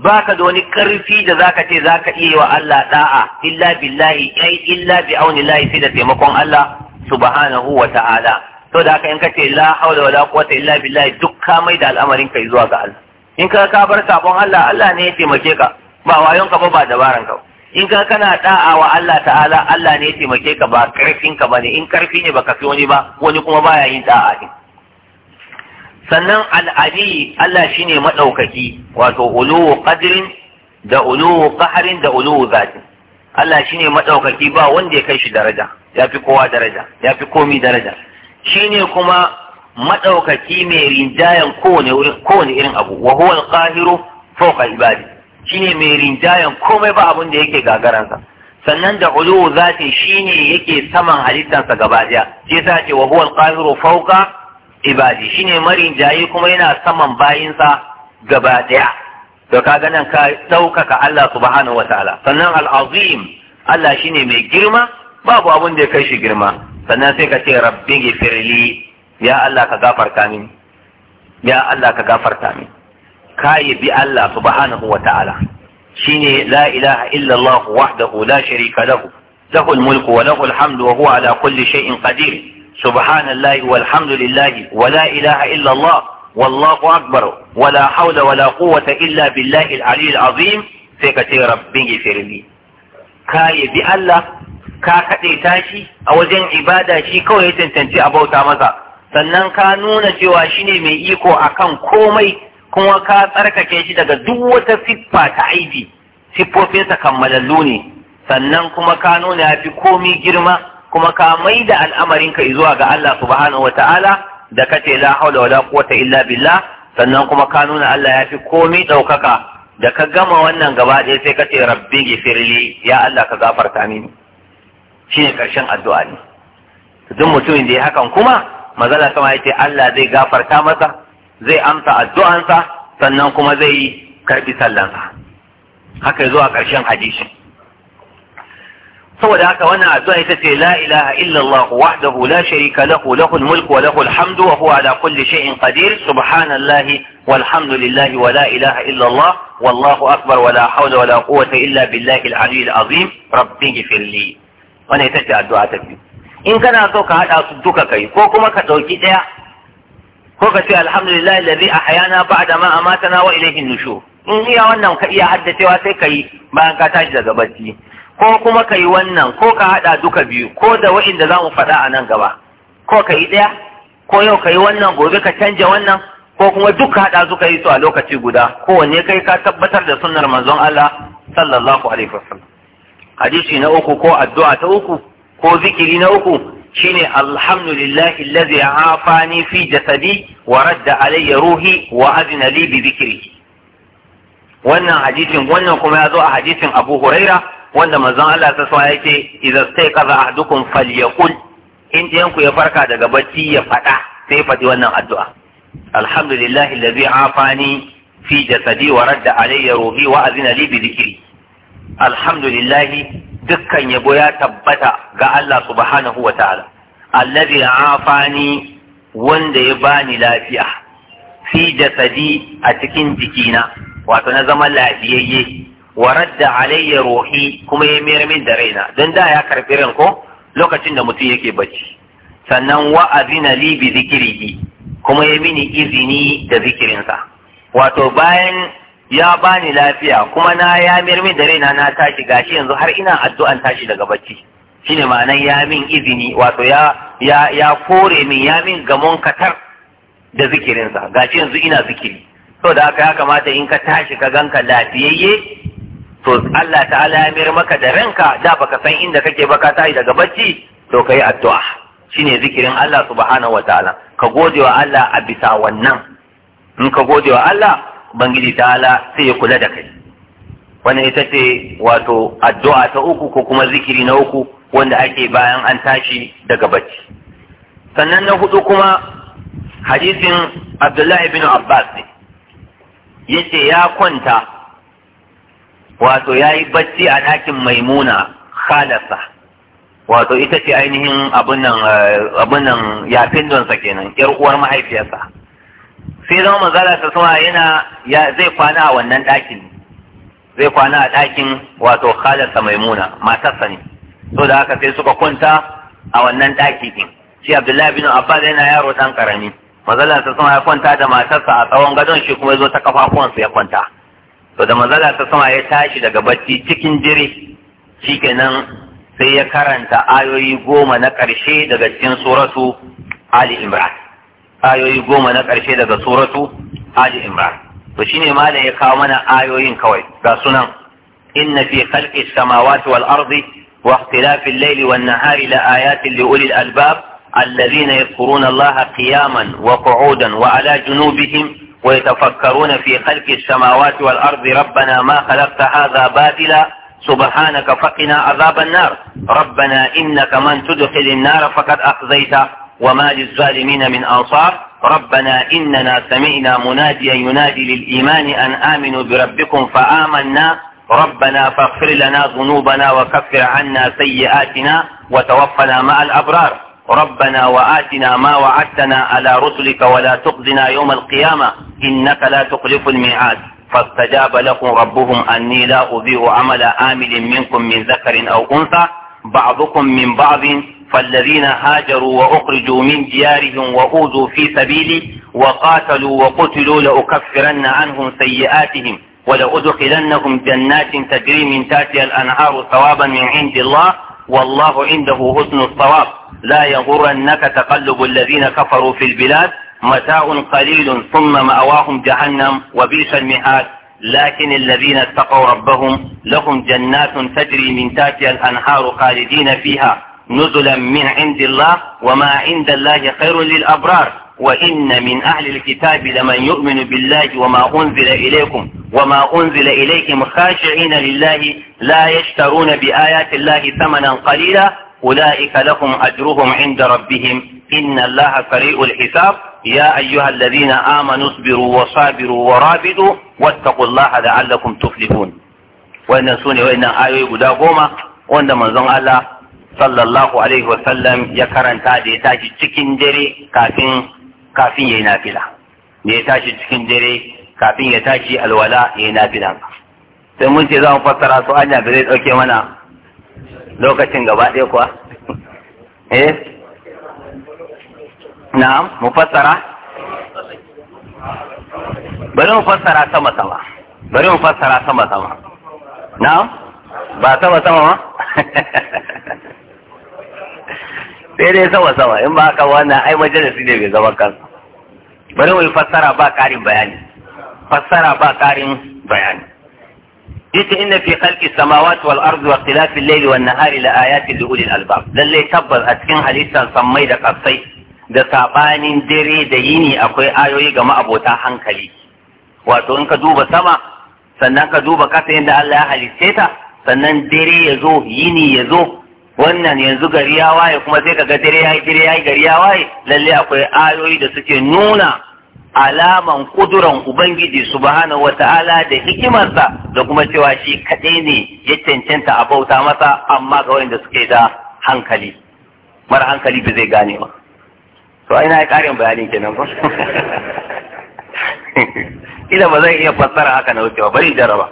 S1: baka da wani karfi da zaka ce zaka iya yi wa Allah da'a illa billahi ai illa bi da taimakon Allah subhanahu wa ta'ala to da haka in ka ce la haula wala quwwata illa billahi duk ka mai da al'amarin kai zuwa ga Allah in ka ka bar sabon Allah Allah ne ya taimake ka ba wayon ka ba ba dabaran ka in ka kana da'a wa Allah ta'ala Allah ne ya taimake ka ba karfin ka bane in karfi ne baka fi wani ba wani kuma baya yin da'a din sannan al'ali Allah shine madaukaki wato uluwu qadrin da uluwu qahrin da uluwu zati Allah shine madaukaki ba wanda ya kai shi daraja ya fi kowa daraja ya fi komi daraja shine kuma madaukaki mai rinjayen kowane irin abu wa huwa al-qahiru fawqa ibadi shine mai rinjayen komai ba abin da yake gagaransa sannan da ulu zati shine yake saman halittansa gaba daya shi yasa ce wa huwal qahiru fawqa ibadi shine jayi kuma yana saman bayinsa gaba daya to kaga nan ka daukaka Allah subhanahu wataala sannan al-azim Allah shine mai girma babu abin da ya kai shi girma sannan sai ka ce rabbi ya Allah ka gafarta min. ya Allah ka gafarta min. kayi bi Allah subhanahu wa ta’ala shi ne la ilaha illallah wahdahu la sharika lahu lahu mulku wa lahu alhamdu wa ala kulli shay'in qadir subhanallahi walhamdulillahi wa la ilaha illallah wallahu akbar wa la hawla wa la illa billahi al-ali al-azim sai ka ce rabbin gifirni kai bi Allah ka kade tashi a wajen ibada shi kawai tantance bauta masa sannan ka nuna cewa shine mai iko akan komai kuma ka tsarkake shi daga duk wata siffa ta aibi siffofinsa kammalallu ne sannan kuma ka nuna ya fi komi girma kuma ka mai da ka zuwa ga Allah subhanahu wa ta'ala da kace la haula wala quwwata illa billah sannan kuma ka nuna Allah ya fi komi ɗaukaka da ka gama wannan gaba ɗaya sai ka ce rabbi gifirli ya Allah ka gafarta mini shine karshen addu'a ne duk mutumin da ya hakan kuma mazala sama yace Allah zai gafarta masa zai amsa addu'ansa sannan kuma zai karbi sallansa haka zuwa ƙarshen hadisi saboda haka wannan addu'a ita ce la ilaha illallah wahdahu la sharika lahu lahul mulku wa lahul hamdu wa huwa ala kulli shay'in qadir subhanallahi walhamdulillahi wa la ilaha illallah wallahu akbar wa la hawla wa la quwwata illa billahi al-aliyyil azim rabbi ighfirli wannan ita ce addu'a ta biyu in kana so ka hada su duka kai ko kuma ka dauki daya ko ka ce alhamdulillah alladhi ahyana da ma amatana wa ilayhi nushur in iya wannan ka iya haddacewa sai ka yi bayan ka tashi daga barci. ko kuma ka yi wannan ko ka haɗa duka biyu ko da wa'inda za mu faɗa a nan gaba ko ka yi ɗaya ko yau ka yi wannan gobe ka canja wannan ko kuma duka haɗa suka yi su a lokaci guda wanne kai ka tabbatar da sunnar manzon Allah sallallahu alaihi wasallam hadisi na uku ko addu'a ta uku ko zikiri na uku shine alhamdulillah alladhi afani fi jasadi wa radda alayya ruhi wa adina li wannan hadisin wannan kuma ya zo a hadisin Abu Huraira wanda manzon Allah ta sa yake idza stayqaza ahdukum falyaqul in ɗayan ku ya farka daga bacci ya faɗa sai faɗi wannan addu'a alhamdulillah alladhi afani fi alayya ruhi dukkan yabo ya tabbata ga Allah subhanahu wa ta'ala allazi afani wanda ya bani lafiya fi jasadi a cikin jikina wato na zama lafiyayye Warar da alayya rohi kuma ya mayar min da raina don da ya karɓi ranko ko lokacin da mutum yake bacci sannan wa'azina azina li bi kuma ya mini izini da zikirinsa wato bayan ya bani lafiya kuma na ya mirmi da raina na tashi gashi yanzu har ina addu'an tashi daga bacci shine ma'anan ya min izini wato ya ya ya kore min ya min gamon katar da zikirinsa gashi yanzu ina zikiri to da haka ya kamata in ka tashi ka ganka lafiyayye to Allah ta'ala ya mir maka da ranka da baka san inda kake ba ka tashi daga bacci to kai addu'a shine zikirin Allah subhanahu wataala ka gode wa Allah a bisa wannan in ka gode wa Allah ubangiji ala sai ya kula da kai Wani ita ce wato addu'a ta uku ko kuma zikiri na uku wanda ake bayan an tashi daga bacci sannan na hudu kuma hadisin abdullahi bin abbas ne Ya ce ya kwanta wato ya yi bacci a ɗakin maimuna khalasa wato ita ce ainihin abin eh, nan yafin donsa kenan yar uwar mahaifiyarsa sai zama manzala ta sama yana zai kwana a wannan ɗakin zai kwana a ɗakin wato khalarsa maimuna matarsa ne so da haka sai suka kwanta a wannan ɗaki ɗin shi abdullahi bin abbas yana yaro ɗan ƙarami manzala ta sama ya kwanta da matarsa a tsawon gadon shi kuma ya zo ta kafafuwansa ya kwanta to da manzala ta sama ya tashi daga bacci cikin jiri shikenan sai ya karanta ayoyi goma na ƙarshe daga cikin suratu ali imran ayoyi goma na ƙarshe daga suratu ali imran to shine malam ya kawo mana ayoyin kawai ga sunan inna fi khalqi samawati wal ardi wa ikhtilafi al-layli wan nahari la ayatin li ulil albab alladhina yadhkuruna Allaha qiyaman wa qu'udan wa ala junubihim wa yatafakkaruna fi khalqi samawati wal ardi rabbana ma khalaqta hadha batila سبحانك فقنا عذاب النار ربنا إنك من تدخل النار فقد أخزيته وما للظالمين من أنصار ربنا إننا سمعنا مناديا ينادي للإيمان أن آمنوا بربكم فآمنا ربنا فاغفر لنا ذنوبنا وكفر عنا سيئاتنا وتوفنا مع الأبرار ربنا وآتنا ما وعدتنا على رسلك ولا تخزنا يوم القيامة إنك لا تخلف الميعاد فاستجاب لكم ربهم أني لا أضيع عمل آمل منكم من ذكر أو أنثى بعضكم من بعض فالذين هاجروا وأخرجوا من ديارهم وأوذوا في سبيلي وقاتلوا وقتلوا لأكفرن عنهم سيئاتهم ولأدخلنهم جنات تجري من تاتي الأنهار ثوابا من عند الله والله عنده حسن الصواب لا يغرنك تقلب الذين كفروا في البلاد متاع قليل ثم مأواهم جهنم وبئس المهاد لكن الذين اتقوا ربهم لهم جنات تجري من تاتي الأنهار خالدين فيها نزلا من عند الله وما عند الله خير للأبرار وإن من أهل الكتاب لمن يؤمن بالله وما أنزل إليكم وما أنزل إليكم خاشعين لله لا يشترون بآيات الله ثمنا قليلا أولئك لهم أجرهم عند ربهم إن الله سريء الحساب يا أيها الذين آمنوا اصبروا وصابروا ورابطوا واتقوا الله لعلكم تفلحون وإن سوني وإن آيوي قدا قوما وإن منزون الله sallallahu alaihi wasallam ya karanta da ya tashi cikin dare kafin kafin yayi nafila da ya tashi cikin dare kafin ya tashi alwala yayi nafila sai mun ce za mu fassara su anya ba dauke mana lokacin gaba ɗaya kuwa eh na'am mu fassara bari mu fassara sama sama bari mu fassara sama sama na'am ba sama sama ma sai dai sama sama in ba haka wannan ai majalisi ne bai zama kansa bari mu fassara ba karin bayani fassara ba karin bayani yace inna fi khalqi samawati wal ardi wa ikhtilafi al-layli wan nahari la ayati li ulil albab lalle tabbas a cikin halittar sammai da kasai da sabanin dare da yini akwai ayoyi ga ma'abota hankali wato in ka duba sama sannan ka duba kasa yadda Allah ya halicce ta sannan dare ya zo yini ya zo wannan yanzu gari ya waye kuma sai kaga dare yayi dare yayi gari ya waye lalle akwai ayoyi da suke nuna alaman kuduran ubangiji subhanahu wata'ala da hikimarsa da kuma cewa shi kaɗai ne ya cancanta a bauta masa amma ga wanda suke da hankali mara hankali ba zai gane ba to ina ya ƙarin bayanin kenan ba ila ba zai iya fassara haka na wucewa bari jaraba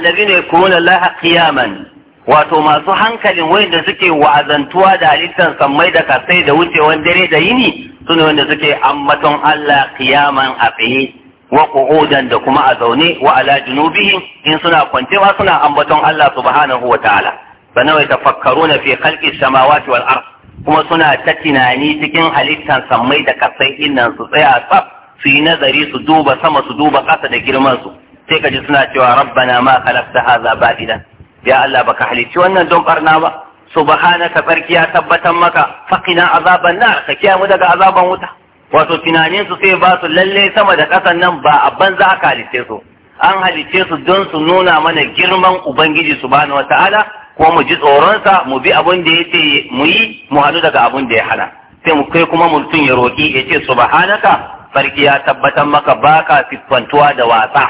S1: ne yakununa laha qiyaman wato masu hankalin wanda suke wa'azantuwa da halittar sammai da kasai da wucewan dare da yini sune wanda suke ammaton Allah kiyaman a tsaye wa da kuma a zaune wa ala junubihim in suna kwancewa suna ambaton Allah subhanahu wa ta'ala sanawai na fi khalqi samawati wal ard kuma suna ta tunani cikin halittar sammai da kasai innan su tsaya tsaf su yi nazari su duba sama su duba ƙasa da girman su sai kaji suna cewa rabbana ma khalaqta hadha batilan ya Allah baka halicci wannan don barna ba subhanaka farki ya tabbatar maka faqina azaban nar ka kiyaye daga azaban wuta wato tunanin su sai ba su lalle sama da kasan nan ba a banza aka halicce su an halicce su don su nuna mana girman ubangiji subhanahu wataala ko mu ji tsoronsa mu bi abin da ya ce mu yi mu hannu daga abin da ya hana sai mu kai kuma mutum ya roƙi ya ce subhanaka farki ya tabbatar maka baka siffantuwa da wasa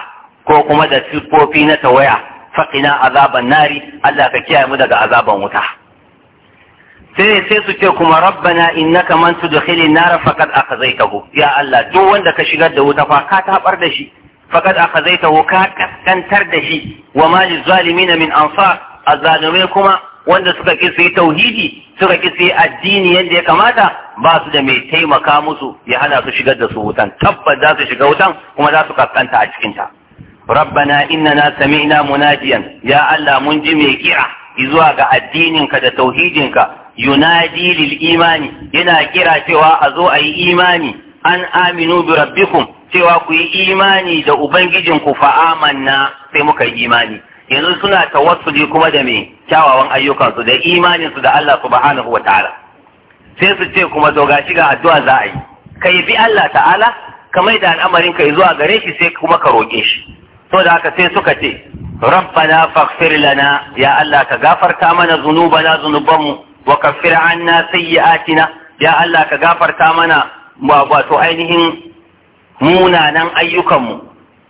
S1: ko kuma da siffofi na tawaya Faƙina azaban nari Allah ka kiyaye mu daga azaban wuta sai sai su ce kuma rabbana innaka man tudkhilin nar faqad akhzaytahu ya Allah duk wanda ka shigar da wuta fa ka tabar da shi faqad akhzaytahu ka kaskantar da shi wa ma lizalimin min ansar azalume kuma wanda suka ki su yi tauhidi suka ki su yi addini yadda ya kamata ba su da mai taimaka musu ya hana su shigar da su wutan tabbas za su shiga wutan kuma za su kaskanta a cikinta rabbana innana sami'na munajiyan ya Allah mun ji mai kira zuwa ga addininka da tauhidinka yunadi lil imani yana kira cewa a zo a yi imani an aminu bi rabbikum cewa ku yi imani da ubangijinku fa amanna sai muka yi imani yanzu suna ta tawassuli kuma da mai kyawawan ayyukansu da imaninsu da Allah subhanahu wataala sai su ce kuma to gashi ga addu'a za a yi ka bi Allah ta'ala ka kamar da al'amarin ka zuwa gare shi sai kuma ka roƙe shi saboda haka sai suka ce rabbana faghfir lana ya Allah ka gafarta mana zunubana mu wa kaffir anna sayyi'atina ya Allah ka gafarta mana wato ainihin munanan ayyukanmu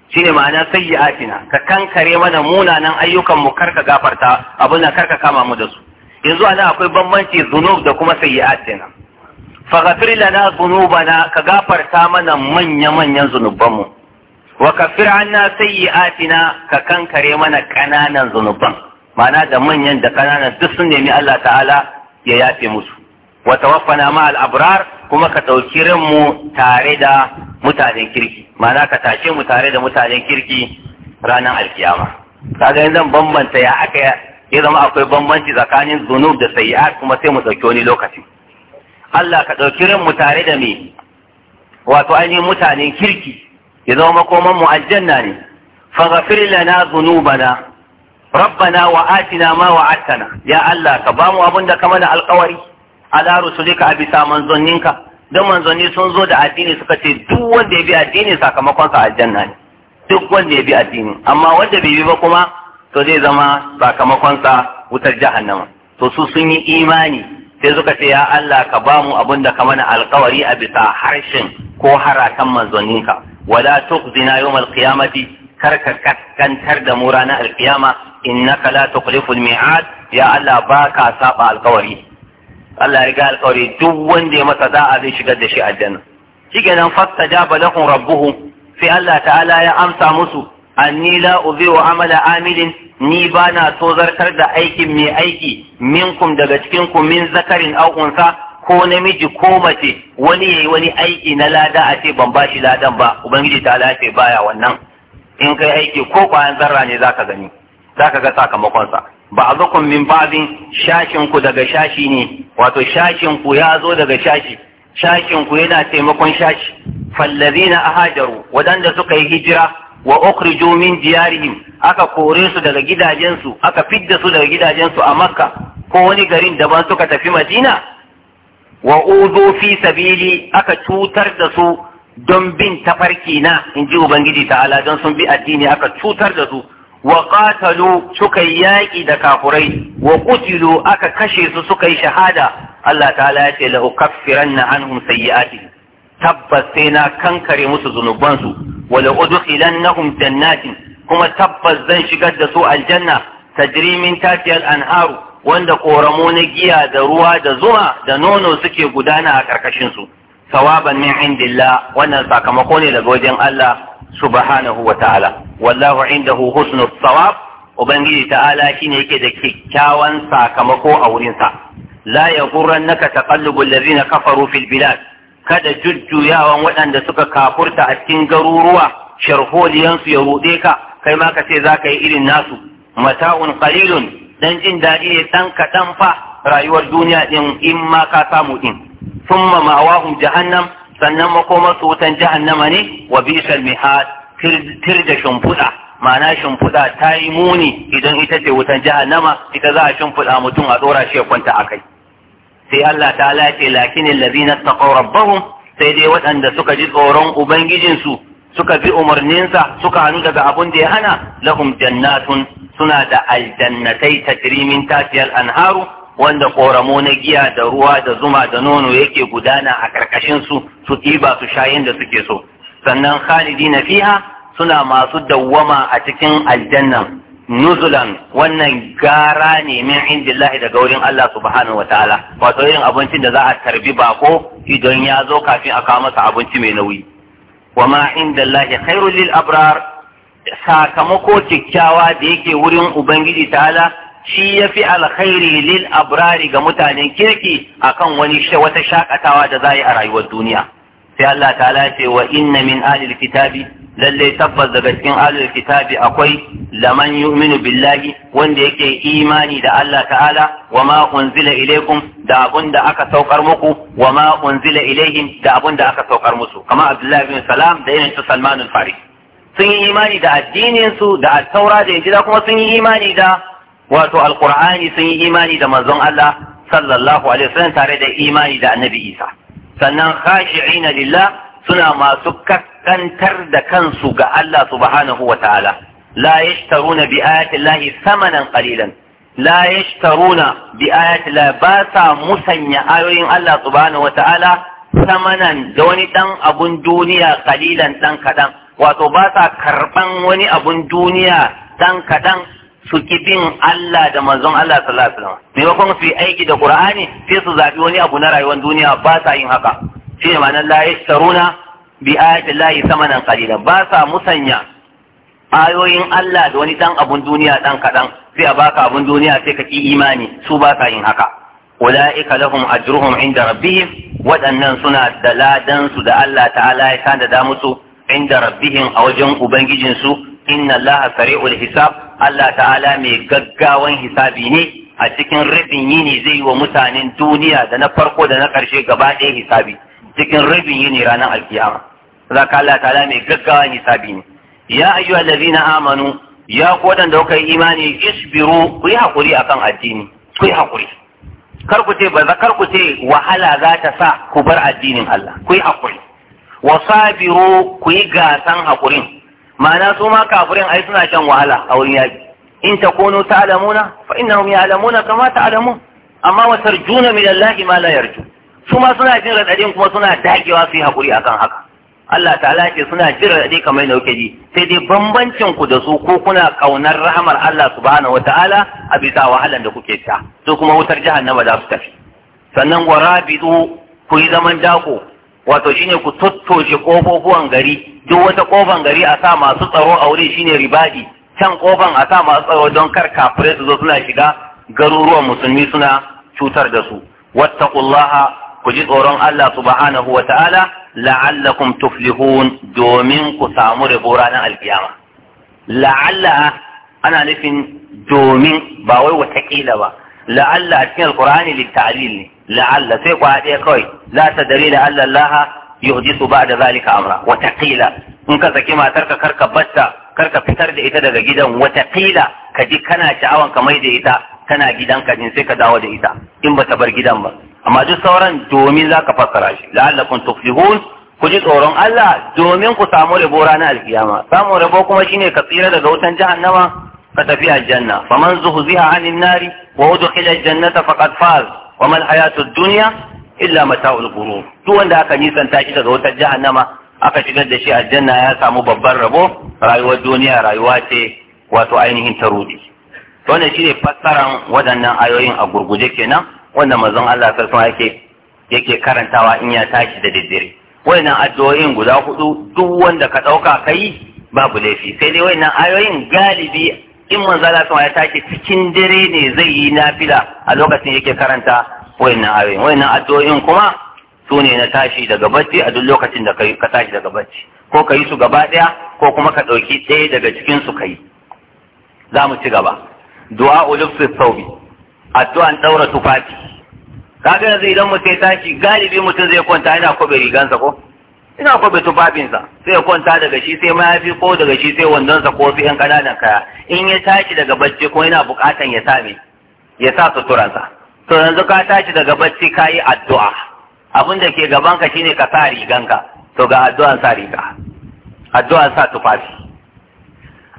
S1: shine ma'ana sayyi'atina ka kankare mana munanan ayyukanmu kar ka gafarta abin kar ka kama mu da su yanzu ana akwai bambanci zunub da kuma sayyi'atina faghfir lana zunubana ka gafarta mana manya-manyan zunubanmu wa kaffir anna afina ka kankare mana ƙananan zunuban ma'ana da manyan da ƙananan duk sun nemi Allah ta'ala ya yafe musu wa tawaffana ma al'abrar kuma ka dauki mu tare da mutanen kirki ma'ana ka tashe mu tare da mutanen kirki ranar alkiyama kaga yanzu bambanta ya aka ya zama akwai bambanci tsakanin zunub da sayi'at kuma sai mu ɗauki wani lokaci Allah ka ɗauki mu tare da me wato ainihin mutanen kirki ya zama makoman mu aljanna ne faghfir lana dhunubana rabbana wa atina ma wa'adtana ya Allah ka bamu mu abinda ka mana alƙawari ala rusulika a bisa manzanninka don manzanni sun zo da addini suka ce duk wanda ya bi addini sakamakonsa aljanna ne duk wanda ya bi addini amma wanda bai bi ba kuma to zai zama sakamakonsa wutar jahannama to su sun yi imani sai suka ce ya Allah ka bamu mu da ka mana alkawari a bisa harshen ko harakan manzoninka wala tukhzina yawmal qiyamati kar ka kaskantar da mu ranar alkiyama innaka la tukhlifu almi'ad ya Allah baka saba alkawari Allah ya riga alkawari duk wanda ya masa a zai shigar da shi aljanna shikenan fastajaba lahum rabbuhum sai Allah ta'ala ya amsa musu anni la udhi'u amala amilin ni ba na so zartar da aikin mai aiki minkum daga cikin ku min zakarin aw unsa ko namiji ko mace wani yayi wani aiki na lada a ce ban bashi ladan ba ubangiji ta ala ce baya wannan in kai aiki ko kwayan zarra ne zaka gani zaka ga sakamakonsa ba a min babin shashin ku daga shashi ne wato shashin ku ya zo daga shashi shashin ku yana taimakon shashi fallazina ahajaru wadanda suka yi hijira wa ukhriju min diyarihim aka kore su daga gidajensu aka fidda su daga gidajensu a makka ko wani garin daban suka tafi madina wa fi sabili aka cutar da su don bin tafarki na in ji ubangiji ta'ala don sun bi addini aka cutar da su wa katalu suka yaƙi da kafurai wa qutilu aka kashe su suka yi shahada Allah ta'ala ya ce la ukaffiranna anhum sayyi'ati tabbas sai na kankare musu zunubansu wa la udkhilannahum jannatin kuma tabbas zan shigar da su aljanna tajrimin min anharu wanda ƙoramo na giya da ruwa da zuma da nono suke gudana a karkashinsu su sawaban min indillah wannan sakamako ne daga wajen Allah subhanahu wa ta'ala wallahu indahu husnul sawab ubangiji ta'ala shine yake da kyakkyawan sakamako a wurin sa la naka taqallubul ladzina kafaru fil bilad kada jujjuyawan waɗanda suka kafurta a cikin garuruwa sharholiyansu ya ruɗe ka kai ma ka ce za ka yi irin nasu mata'un qalilun dan jin daɗi ne ɗan kaɗan fa rayuwar duniya ɗin in ma ka samu ɗin sun ma ma'awahun jahannam sannan makomar su wutan jahannama ne wa bisal mihad tir da shimfiɗa ma'ana shimfiɗa ta yi muni idan ita ce wutan jahannama ita za a shimfiɗa mutum a ɗora shi ya kwanta a kai sai Allah ta ce lakinin lazina taqaw rabbahum sai dai waɗanda suka ji tsoron ubangijinsu suka bi umarninsa suka hannu daga abun da ya hana lahum jannatun suna da aljannatai ta tafiyar anharu wanda ƙoramo na giya da ruwa da zuma da nono yake gudana a karkashin su ɗiba su shayin da suke so sannan na fiha suna masu dawwama a cikin aljannan nuzulan wannan gara ne min indillahi daga wurin Allah subhanahu wa ta'ala wato irin abincin da za a tarbi bako idan ya zo kafin a kawo masa abinci mai nauyi wa ma indallahi khairul lil abrar sakamako kyakkyawa da yake wurin ubangiji ta'ala shi ya fi alkhairi lil abrari ga mutanen kirki akan wani wata shakatawa da za yi a rayuwar duniya sai Allah ta'ala ce wa inna min alil kitabi lalle tabbas daga cikin alil kitabi akwai laman yu'minu billahi wanda yake imani da Allah ta'ala wa ma unzila ilaikum da abun da aka saukar muku wa ma unzila ilaihim da abun da aka saukar musu kama Abdullahi bin Salam da irin su farisi sun yi imani da addininsu da taura da injila kuma sun yi imani da wato alqur'ani sun yi imani da manzon Allah sallallahu alaihi wasallam tare da imani da annabi Isa sannan khashi'ina lillah suna masu kaskantar da kansu ga Allah subhanahu wa ta'ala la yashtaruna bi ayati llahi samanan qalilan la yashtaruna bi ayati la ba sa musanya ayoyin Allah subhanahu wa ta'ala samanan da wani dan abun duniya qalilan dan kadan wato ba sa karɓan wani abun duniya dan kaɗan su ki bin Allah da manzon Allah sallallahu alaihi wasallam maimakon su yi aiki da Qur'ani sai su zabi wani abu na rayuwar duniya ba sa yin haka shine ma'anar la yashtaruna bi ayati llahi samanan qalila ba sa musanya ayoyin Allah da wani dan abun duniya dan kaɗan sai a baka abun duniya sai ka ki imani su ba sa yin haka ulaika lahum ajruhum inda rabbihim waɗannan suna da ladan su da Allah ta'ala ya tanda da musu inda rabbihim a wajen ubangijinsu inna allaha sari'ul hisab Allah ta'ala mai gaggawan hisabi ne a cikin rabin yini zai yi wa mutanen duniya da na farko da na ƙarshe gaba ɗaya hisabi cikin rabin yini ranar alkiyama za ka Allah ta'ala mai gaggawan hisabi ne ya ayyuhal ladina amanu ya ku wadanda kuka yi imani isbiru ku yi hakuri akan addini ku yi hakuri kar ku ce ba kar ku ce wahala za ta sa ku bar addinin Allah ku yi hakuri wa sabiru ku yi gasan haƙurin ma'ana su ma kafirin ai suna shan wahala a wurin yaƙi in takunu ta'lamuna fa innahum ya'lamuna kama ta'lamun amma wa tarjuna min Allah ma la yarju su ma suna jin radadin kuma suna dagewa su yi haƙuri akan haka Allah ta'ala ce suna jin radadi kamar yadda kuke ji sai dai bambancin ku da su ko kuna kaunar rahamar Allah subhanahu wata'ala a bisa wahalan da kuke ta su kuma wutar jahannama za su tafi sannan warabidu ku yi zaman dako wato shine ku tottoshe kofofuwan gari duk wata kofan gari a sa masu tsaro a wurin shine ribadi can kofan a sa masu tsaro don kar kafirai su zo suna shiga garuruwan musulmi suna cutar da su wattaqullaha ku ji tsoron Allah subhanahu wa ta'ala la'allakum tuflihun domin ku samu rabo ranar alkiyama la'alla ana nufin domin ba wai wataƙila ba la'alla a cikin alkur'ani littalil ne la'alla sai kwa ɗaya kawai la ta dare da Allah laha yuhdisu ba'da zalika amra wata in ka saki matarka karka batta karka fitar da ita daga gidan wata ka ji kana sha'awan ka mai da ita kana gidan ka sai ka dawo da ita in bata bar gidan ba amma duk sauran domin ka fassara shi la'allakum tuflihun ku ji tsoron Allah domin ku samu rabo ranar alkiyama samun rabo kuma shine ka tsira daga wutan jahannama ka tafi aljanna faman zuhziha anin nari wa udkhila aljannata faqad faz wa man duniya illa mata'ul ghurur duk wanda aka nisanta shi daga wutar jahannama aka shigar da shi aljanna ya samu babban rabo rayuwar duniya rayuwa ce wato ainihin ta rudi wannan shine fassaran waɗannan ayoyin a gurguje kenan wanda manzon Allah sallallahu alaihi yake karantawa in ya tashi da daddare wayannan addu'o'in guda hudu duk wanda ka dauka kai babu laifi sai dai wayannan ayoyin galibi in manzo Allah sama ya tashi cikin dare ne zai yi nafila a lokacin yake karanta wayannan ayoyi wayannan addu'o'in kuma su ne na tashi daga bacci a duk lokacin da ka tashi daga bacci ko ka yi su gaba ɗaya ko kuma ka ɗauki ɗaya daga cikin su ka za mu ci gaba du'a ulufsi saubi addu'an ɗaura tufafi kaga yanzu idan mutum ya tashi galibi mutum zai kwanta yana kobe rigansa ko ina kwabe tufafinsa sai ya kwanta daga shi sai mayafi ko daga shi sai wandonsa ko fi yan kananan kaya in ya tashi daga bacci ko yana bukatan ya same ya sa suturansa to yanzu ka tashi daga bacci ka yi addu'a abin da ke gaban ka shine ka sa riganka to ga addu'an sa riga addu'an sa tufafi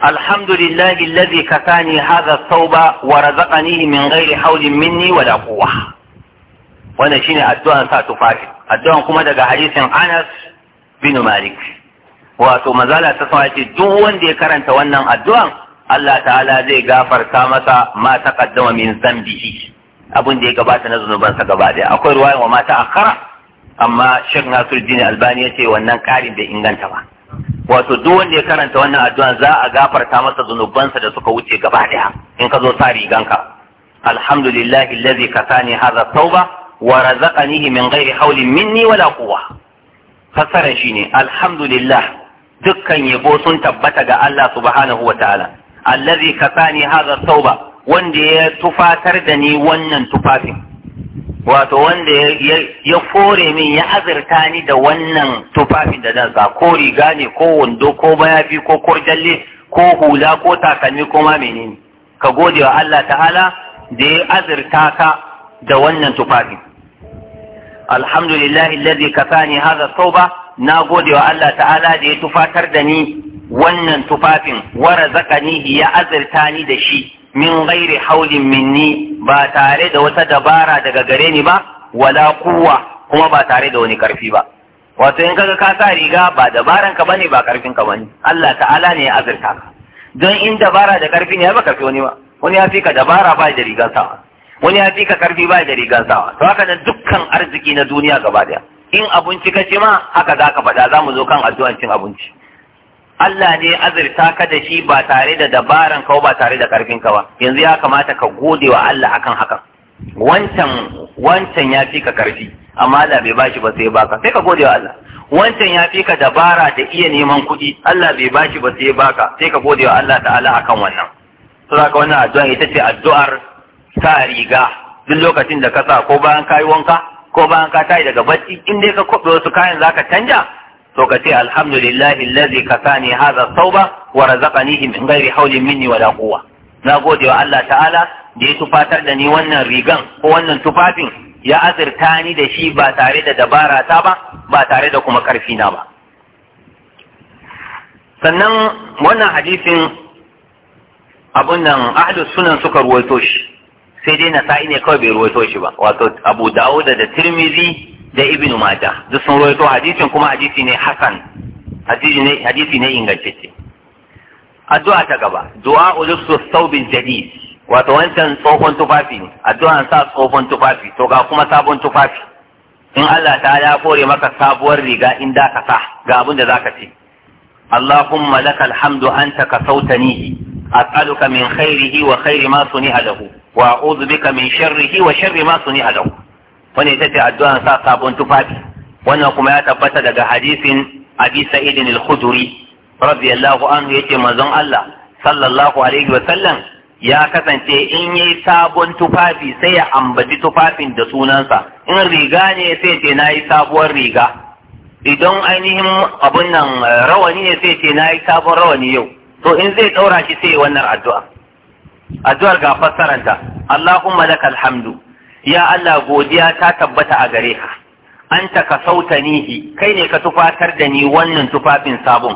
S1: الحمد لله الذي كفاني هذا الثوب ورزقنيه من غير حول مني ولا قوة وانا شيني sa tufafi, addu'an kuma daga hadisin Anas. bin Malik wato mazala ta sama ce duk wanda ya karanta wannan addu'an Allah ta'ala zai gafarta masa ma taqaddama min zambihi abin da ya gabata na zunubansa gaba daya akwai ruwayan wa mata akhara amma Sheikh Nasiruddin Albani yace wannan karin bai inganta ba wato duk wanda ya karanta wannan addu'an za a gafarta masa zunubansa da suka wuce gaba daya in ka zo sa riganka alhamdulillahi allazi kasani hadha tauba wa razaqanihi min ghairi hawlin minni wala kowa. fassaran shi ne alhamdulillah dukkan yabo sun tabbata ga Allah subhanahu wa ta'ala allazi kasani hadha tauba wanda ya tufatar da ni wannan tufafin wato wanda ya fore min ya azurta ni da wannan tufafin da dan sa ko riga ne ko wando ko mayafi ko kurjalle ko hula ko takalmi ko ma menene ka gode wa Allah ta'ala da ya azurta ka da wannan tufafin alhamdulillahi alladhi kasani hadha tauba na gode wa Allah ta'ala da ya tufatar da ni wannan tufafin wara zakanihi ya azirta ni da shi min ghairi haulin minni ba tare da wata dabara daga gare ni ba wala kuwa kuma ba tare da wani karfi ba wato in kaga ka sa riga ba dabaran ka bane ba karfin ka bane Allah ta'ala ne ya azirta ka don in dabara da karfi ne ba karfi wani ba wani ya fi ka dabara ba da riga sa wani ya fi ka karfi ba da rigar sawa to haka nan dukkan arziki na duniya gaba daya in abinci ka ce ma haka za ka faɗa za mu zo kan addu'an cin abinci Allah ne azurta ka da shi ba tare da dabaran ka ba tare da karfin ka ba yanzu ya kamata ka gode wa Allah akan haka wancan wancan ya fi ka karfi amma Allah bai bashi ba sai baka sai ka gode wa Allah wancan ya fi ka dabara da iya neman kuɗi Allah bai bashi ba sai baka sai ka gode wa Allah ta'ala akan wannan saboda wannan addu'a ita ce addu'ar sa riga duk lokacin da ka sa ko bayan ka yi wanka ko bayan ka tashi daga bacci in dai ka kwaɓe wasu kayan za ka canja to ka ce ka allazi kasani hadha sauba wa razaqanihi min ghairi hawlin minni wala quwwa na gode wa Allah ta'ala da ya tufatar da ni wannan rigan ko wannan tufafin ya azurta ni da shi ba tare da dabara ta ba ba tare da kuma karfi na ba sannan wannan hadisin abun nan ahlus sunan suka ruwaito shi sai dai nasa'i ne kawai bai ruwaito shi ba wato abu dawud da tirmizi da ibnu maja duk sun ruwaito hadisin kuma hadisi ne hasan hadisi ne hadisi ne ingantacce addu'a ta gaba du'a ulufsu thawbil jadid wato wancan tsohon tufafi ne an sa tsohon tufafi to ga kuma sabon tufafi in Allah ta ya kore maka sabuwar riga in da ka sa ga abin da zaka ce Allahumma lakal hamdu anta ka sautanihi as'aluka min khairihi wa khairi ma suni'a lahu wa a'udhu bika min sharrihi wa sharri ma ni lahu wani ita ce addu'an sa sabon tufafi wannan kuma ya tabbata daga hadisin abi sa'idin al-khudri radiyallahu anhu yace manzon Allah sallallahu alaihi wa sallam ya kasance in yayi sabon tufafi sai ya ambaci tufafin da sunansa in riga ne sai ce nayi sabuwar riga idan ainihin abun nan eh, rawani ne sai ce nayi sabon rawani yau to in zai daura shi sai wannan addu'a addu'ar ga fassaranta Allahumma lakal alhamdu. ya Allah godiya ta tabbata a gare ka anta ka sautanihi kai ne ka tufatar da ni wannan tufafin sabon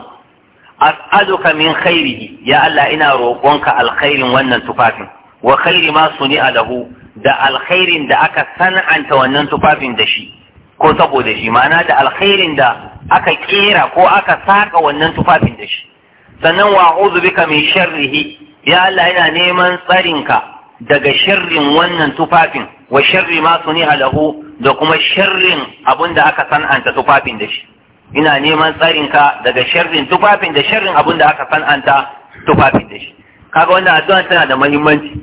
S1: as'aluka min khairihi ya Allah ina roƙonka alkhairin wannan tufafin wa khairi ma suni lahu da alkhairin da aka san'anta wannan tufafin da shi ko saboda shi ma'ana da alkhairin da aka kera ko aka saka wannan tufafin da shi sannan wa a'udhu bika min sharrihi ya Allah yana neman tsarinka daga shirin wannan tufafin wa shirri masu ni lahu da kuma sharrin abin da aka san'anta tufafin da shi ina neman tsarinka daga shirin tufafin da shirin abin da aka san'anta tufafin da shi kaga wannan addu'a tana da muhimmanci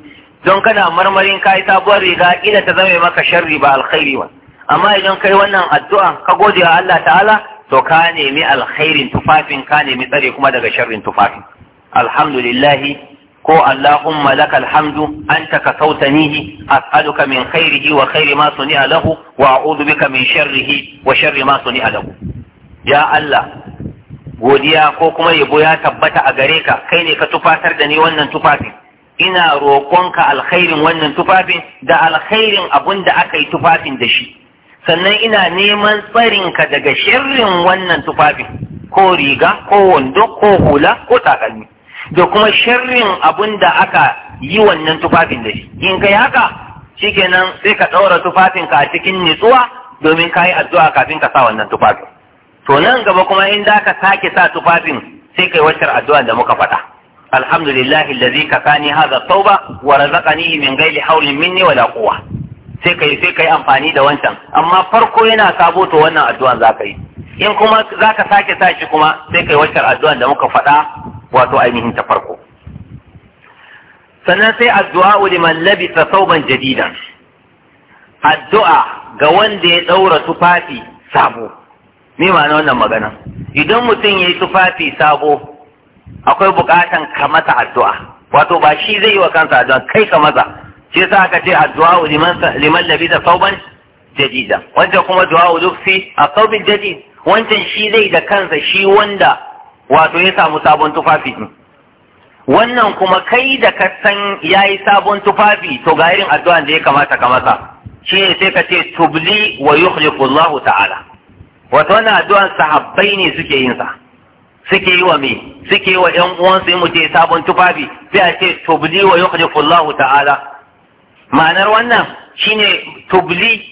S1: don kana marmarin kai sabuwar riga Ina ta zame maka sharri ba alkhairi ba amma idan kai wannan addu'a ka gode wa Allah ta'ala to ka nemi alkhairin tufafin ka nemi tsare kuma daga shirin tufafin lillahi. ko Allahumma lakal hamdu anta ka sautanihi as'aluka min khairihi wa khairi ma suni'a lahu wa a'udhu bika min sharrihi wa sharri ma suni'a lahu ya Allah godiya ko kuma yabo ya tabbata a gare ka kai ne ka tufatar da ni wannan tufafin ina roƙonka alkhairin wannan tufafin da alkhairin abun da aka yi tufafin da shi sannan ina neman tsarinka daga shirin wannan tufafin ko riga ko wando ko hula ko takalmi da kuma sharrin abun da aka yi wannan tufafin da shi in kai haka shikenan sai ka ɗaura tufafin ka a cikin nitsuwa domin ka yi addu'a kafin ka sa wannan tufafin to nan gaba kuma in da ka sake sa tufafin sai kai wacce addu'a da muka faɗa alhamdulillah allazi kakani hadha tauba wa razaqani min ghairi hawlin minni wala quwwa sai kai sai kai amfani da wancan amma farko yana sabo to wannan addu'a za ka yi in kuma za ka sake sa shi kuma sai kai wacce addu'a da muka faɗa wato ainihin ta farko sannan sai addu'a liman labisa sauban jadidan addu'a ga wanda ya daura tufafi sabo me ma'ana wannan magana idan mutum ya yi tufafi sabo akwai bukatan kamata addu'a wato ba shi zai yi wa kansa addu'a kai ka maza shi yasa aka ce addu'a liman liman labisa sauban jadida wancan kuma du'a lufsi a saubin jadid wancan shi zai da kansa shi wanda wato ya samu sabon tufafi wannan kuma kai da ka san ya yi sabon tufafi to ga irin addu'an da ya kamata ka masa shi ne sai ka ce tubli wa yukhliqu Allahu ta'ala wato wannan addu'an sahabbai ne suke yin sa suke yi wa me suke yi wa ƴan uwansu mu mutum sabon tufafi sai a ce tubli wa yukhliqu Allahu ta'ala ma'anar wannan shine tubli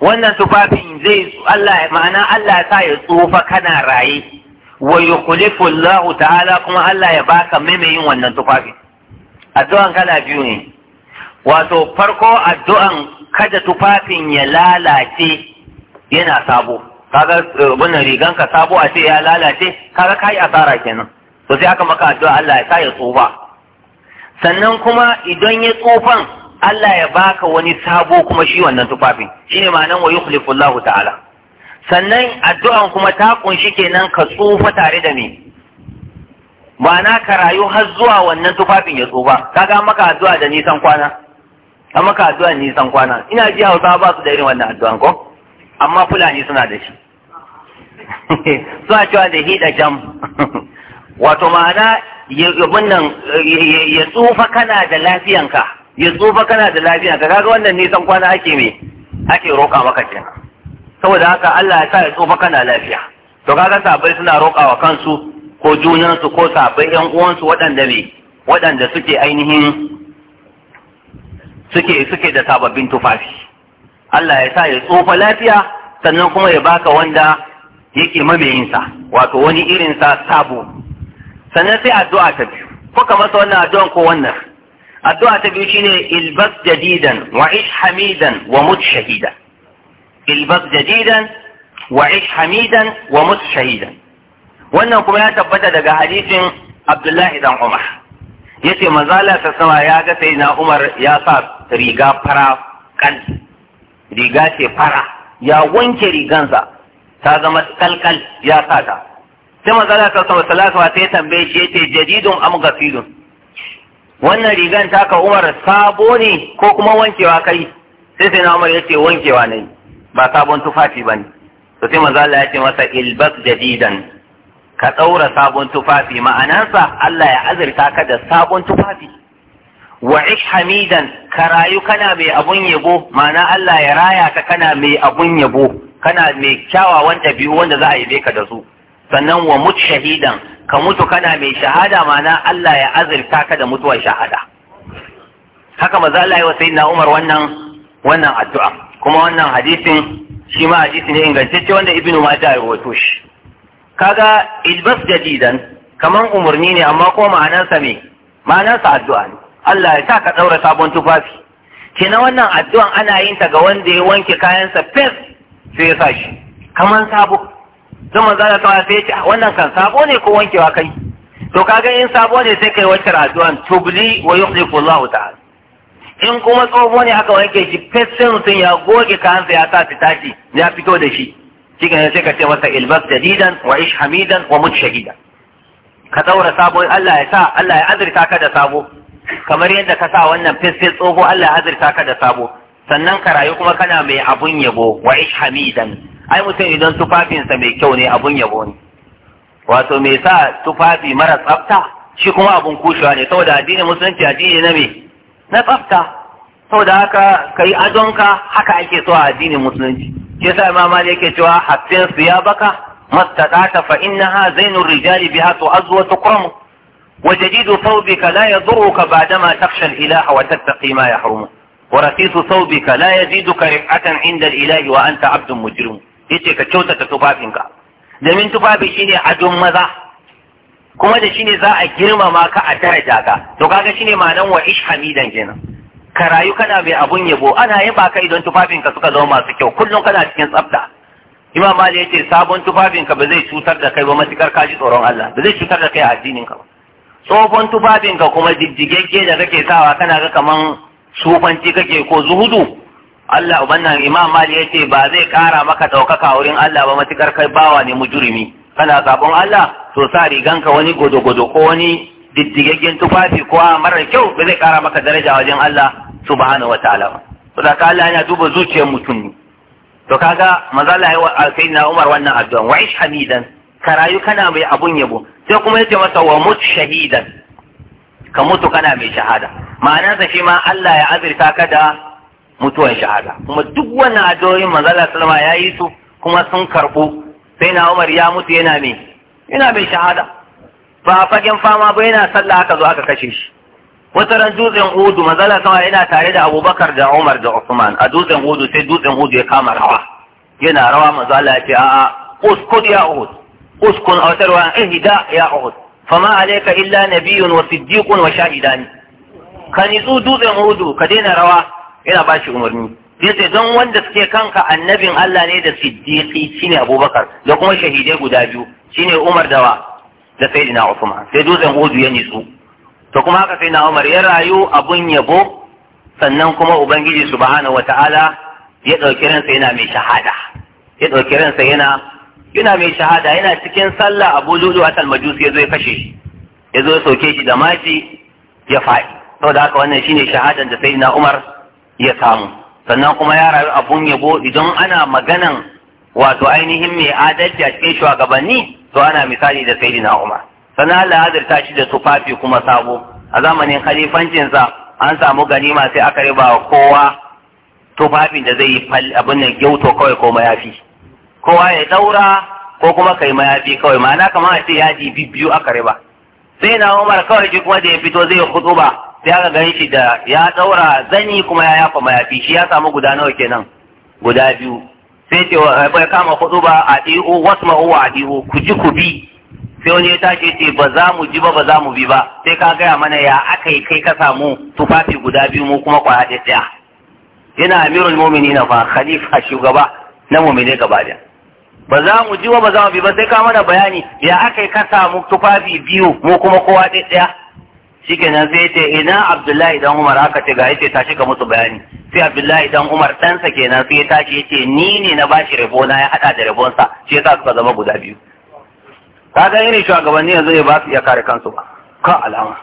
S1: wannan tufafin zai Allah ma'ana Allah ya sa ya tsufa kana raye wa yukhlifu ta'ala kuma Allah ya baka yin wannan tufafi addu'an kala biyu ne wato farko addu'an kada tufafin ya lalace yana sabo kaga wannan eh, riganka sabo a ce ya lalace kaga kai asara kenan to sai aka maka addu'a Allah ya sa ya tsufa sannan kuma idan ya tsufan Allah ya baka wani sabo kuma shi wannan tufafin shine ma'anan wa yukhlifu Allah ta'ala sannan addu'an kuma ta kunshi kenan ka tsufa tare da ba na ka rayu har zuwa wannan tufafin ya tsufa ga maka addu'a da nisan kwana ka maka addu'a nisan kwana ina ji hausa ba su da irin wannan addu'an ko amma fulani suna da shi suna cewa da hida jam wato ma'ana ya tsufa kana da lafiyanka ya tsufa kana da lafiyanka kaga wannan nisan kwana ake me ake roƙa maka kenan saboda haka Allah ya sa ya tsofa kana lafiya to kaga sabai suna roƙawa kansu ko junansu ko sabai yan uwansu waɗanda ne waɗanda suke ainihin suke suke da sababbin tufafi Allah ya sa ya tsofa lafiya sannan kuma ya baka wanda yake mamayinsa wato wani irin sa sabo sannan sai addu'a ta biyu ko kamar wannan addu'an ko wannan addu'a ta biyu shine ilbas jadidan wa ish hamidan wa mut shahidan ilbas jadidan wa ish hamidan wa wannan kuma ya tabbata daga hadisin abdullahi dan umar yace manzala ta sama ya ga sai na umar ya sa riga fara kan riga ce fara ya wanke rigansa ta zama kalkal ya sa ta sai manzala ta sama salatu ta ya tambaye shi yace jadidun am gafilun wannan rigan taka umar sabo ne ko kuma wankewa kai sai sai na umar yace wankewa ne ba sabon tufafi ba ne to sai manzo Allah ya ce masa ilbas jadidan ka ɗaura sabon tufafi ma'anansa Allah ya azurta ka da sabon tufafi wa hamidan ka rayu kana mai abun yabo ma'ana Allah ya raya ka kana mai abun yabo kana mai kyawawan ɗabi'u wanda za a yabe ka da su sannan wa mut shahidan ka mutu kana mai shahada ma'ana Allah ya azurta ka da mutuwar shahada haka maza Allah ya wa sayyidina Umar wannan wannan addu'a kuma wannan hadisin shi ma hadisi ne ingantacce wanda ibnu mata ya rawaito shi kaga ilbas jadidan kaman umarni ne amma ko ma'anarsa me ma'anarsa addu'a ne Allah ya sa ka daura sabon tufafi kina wannan addu'an ana yin ta ga wanda ya wanke kayansa fes sai ya sa shi kaman sabo don manzo Allah ta ya ce ah, wannan kan sabo ne ko wankewa kai to kaga in sabo ne sai kai wacce addu'an tubli wa yuhlifu Allah ta'ala in kuma tsoho ne aka wanke shi fesin mutum ya goge kayansa ya sa tashi. ya fito da shi shi ne sai ka ce masa ilbas jadidan wa ish hamidan wa mut shahida ka daura sabo Allah ya sa Allah ya azurta ka da sabo kamar yadda ka sa wannan fesin tsoho Allah ya azurta ka da sabo sannan ka rayu kuma kana mai abun yabo wa ish hamidan ai mutum idan tufafinsa mai kyau ne abun yabo ne wato me sa tufafi mara tsafta shi kuma abun kushewa ne saboda addinin musulunci addini na me na tsafta saboda haka ka yi ajonka haka ake so a addinin musulunci Ke yasa imam mali yake cewa hatta su ya baka mastaqata fa innaha zainur rijali biha tu'azzu wa tukramu wa jadidu thawbika la yadurruka ba'dama takhsha al-ilaha wa tattaqi ma yahrumu wa rasisu thawbika la yaziduka rif'atan 'inda al-ilahi wa anta 'abdun mujrim yace ka kyautata tufafinka domin tufafi shine adon maza kuma da shi ne za a girmama ka a daraja ka to kaga ne ma'anan wa ish hamidan kenan ka rayu kana mai abun yabo ana yaba ka idan tufafinka suka zama masu kyau kullum kana cikin tsafta imam ali yace sabon tufafinka ba zai cutar da kai ba matukar ka ji tsoron Allah ba zai cutar da kai a addinin ka ba tsohon tufafinka kuma jijjigegge da kake sawa kana ga kaman sufanci kake ko zuhudu Allah ubannan imam mali yace ba zai kara maka daukaka wurin Allah ba matukar kai bawa ne mujurimi kana sabon Allah to sa riganka wani godo-godo ko wani diddigaggen tufafi ko mara kyau ba zai kara maka daraja wajen Allah subhanahu wa ta'ala to da ka Allah yana duba zuciyar mutum ne to kaga mazala ya wa na Umar wannan addu'an. wa ish hamidan ka rayu kana mai abun yabo sai kuma yace masa wa mut shahidan ka mutu kana mai shahada sa shi ma Allah ya azirta ka da mutuwan shahada kuma duk wannan addu'o'in manzala sallama ya yi su kuma sun karɓu sai na umar ya mutu yana me yana mai shahada ba a fagen fama ba yana sallah aka zo aka kashe shi wata ran dutsen hudu manzala sama yana tare da abubakar da umar da usman a dutsen hudu sai dutsen hudu ya kama rawa yana rawa manzala ya ce a'a uskun ya uhud uskun a wata ruwan ihda ya uhud fama alaika illa nabiyun wa siddiqun wa shahidani ka nitsu dutsen hudu ka daina rawa yana ba shi umarni yace don wanda suke kanka annabin Allah ne da siddiqi shine Abubakar da kuma shahidai guda biyu shine Umar dawa da Sayyidina Uthman sai dutsen Uhud ya nitsu to kuma haka sai na Umar ya rayu abun yabo sannan kuma Ubangiji subhanahu wataala ya dauki ransa yana mai shahada ya dauki ransa yana yana mai shahada yana cikin sallah Abu Lulu atal Majusi ya zo ya kashe shi ya zo ya soke shi da maji ya faɗi saboda haka wannan shine shahadan da saidina Umar ya samu sannan kuma ya rayu abun yabo idan ana maganan wato ainihin mai adalci a cikin shugabanni to ana misali da sayyidina Umar sannan Allah ya zarta shi da tufafi kuma sabo a zamanin khalifancinsa an samu ganima sai aka riba wa kowa tufafin da zai yi abin nan gyauto kawai ko mayafi kowa ya daura ko kuma kai mayafi kawai ma'ana kamar a ce yaji biyu aka riba sai na Umar kawai shi kuma da ya fito zai hutuba sai aka gan shi da ya daura zani kuma ya yafa mayafi shi ya samu guda nawa kenan guda biyu sai ce bai kama hudu ba a ɗi'u wasu ma'u a ɗi'u ku ji ku bi sai wani ya tashi ce ba za mu ji ba ba za mu bi ba sai ka gaya mana ya aka yi kai ka samu tufafi guda biyu mu kuma kwaya ɗaya yana amirul mumini na fa khalifa shugaba na mumini gaba da ba za mu ji ba ba za mu bi ba sai ka mana bayani ya aka yi ka samu tufafi biyu mu kuma kowa ɗaya nan sai ce ina abdullahi dan umar aka ce ga yace tashi ka musu bayani sai abdullahi dan umar ɗansa kenan sai ya tashi yace ni ne na ba shi rabo na ya haɗa da rabonsa shi yasa suka zama guda biyu kaga irin shugabanni yanzu ya ba su iya kare kansu ba ka alama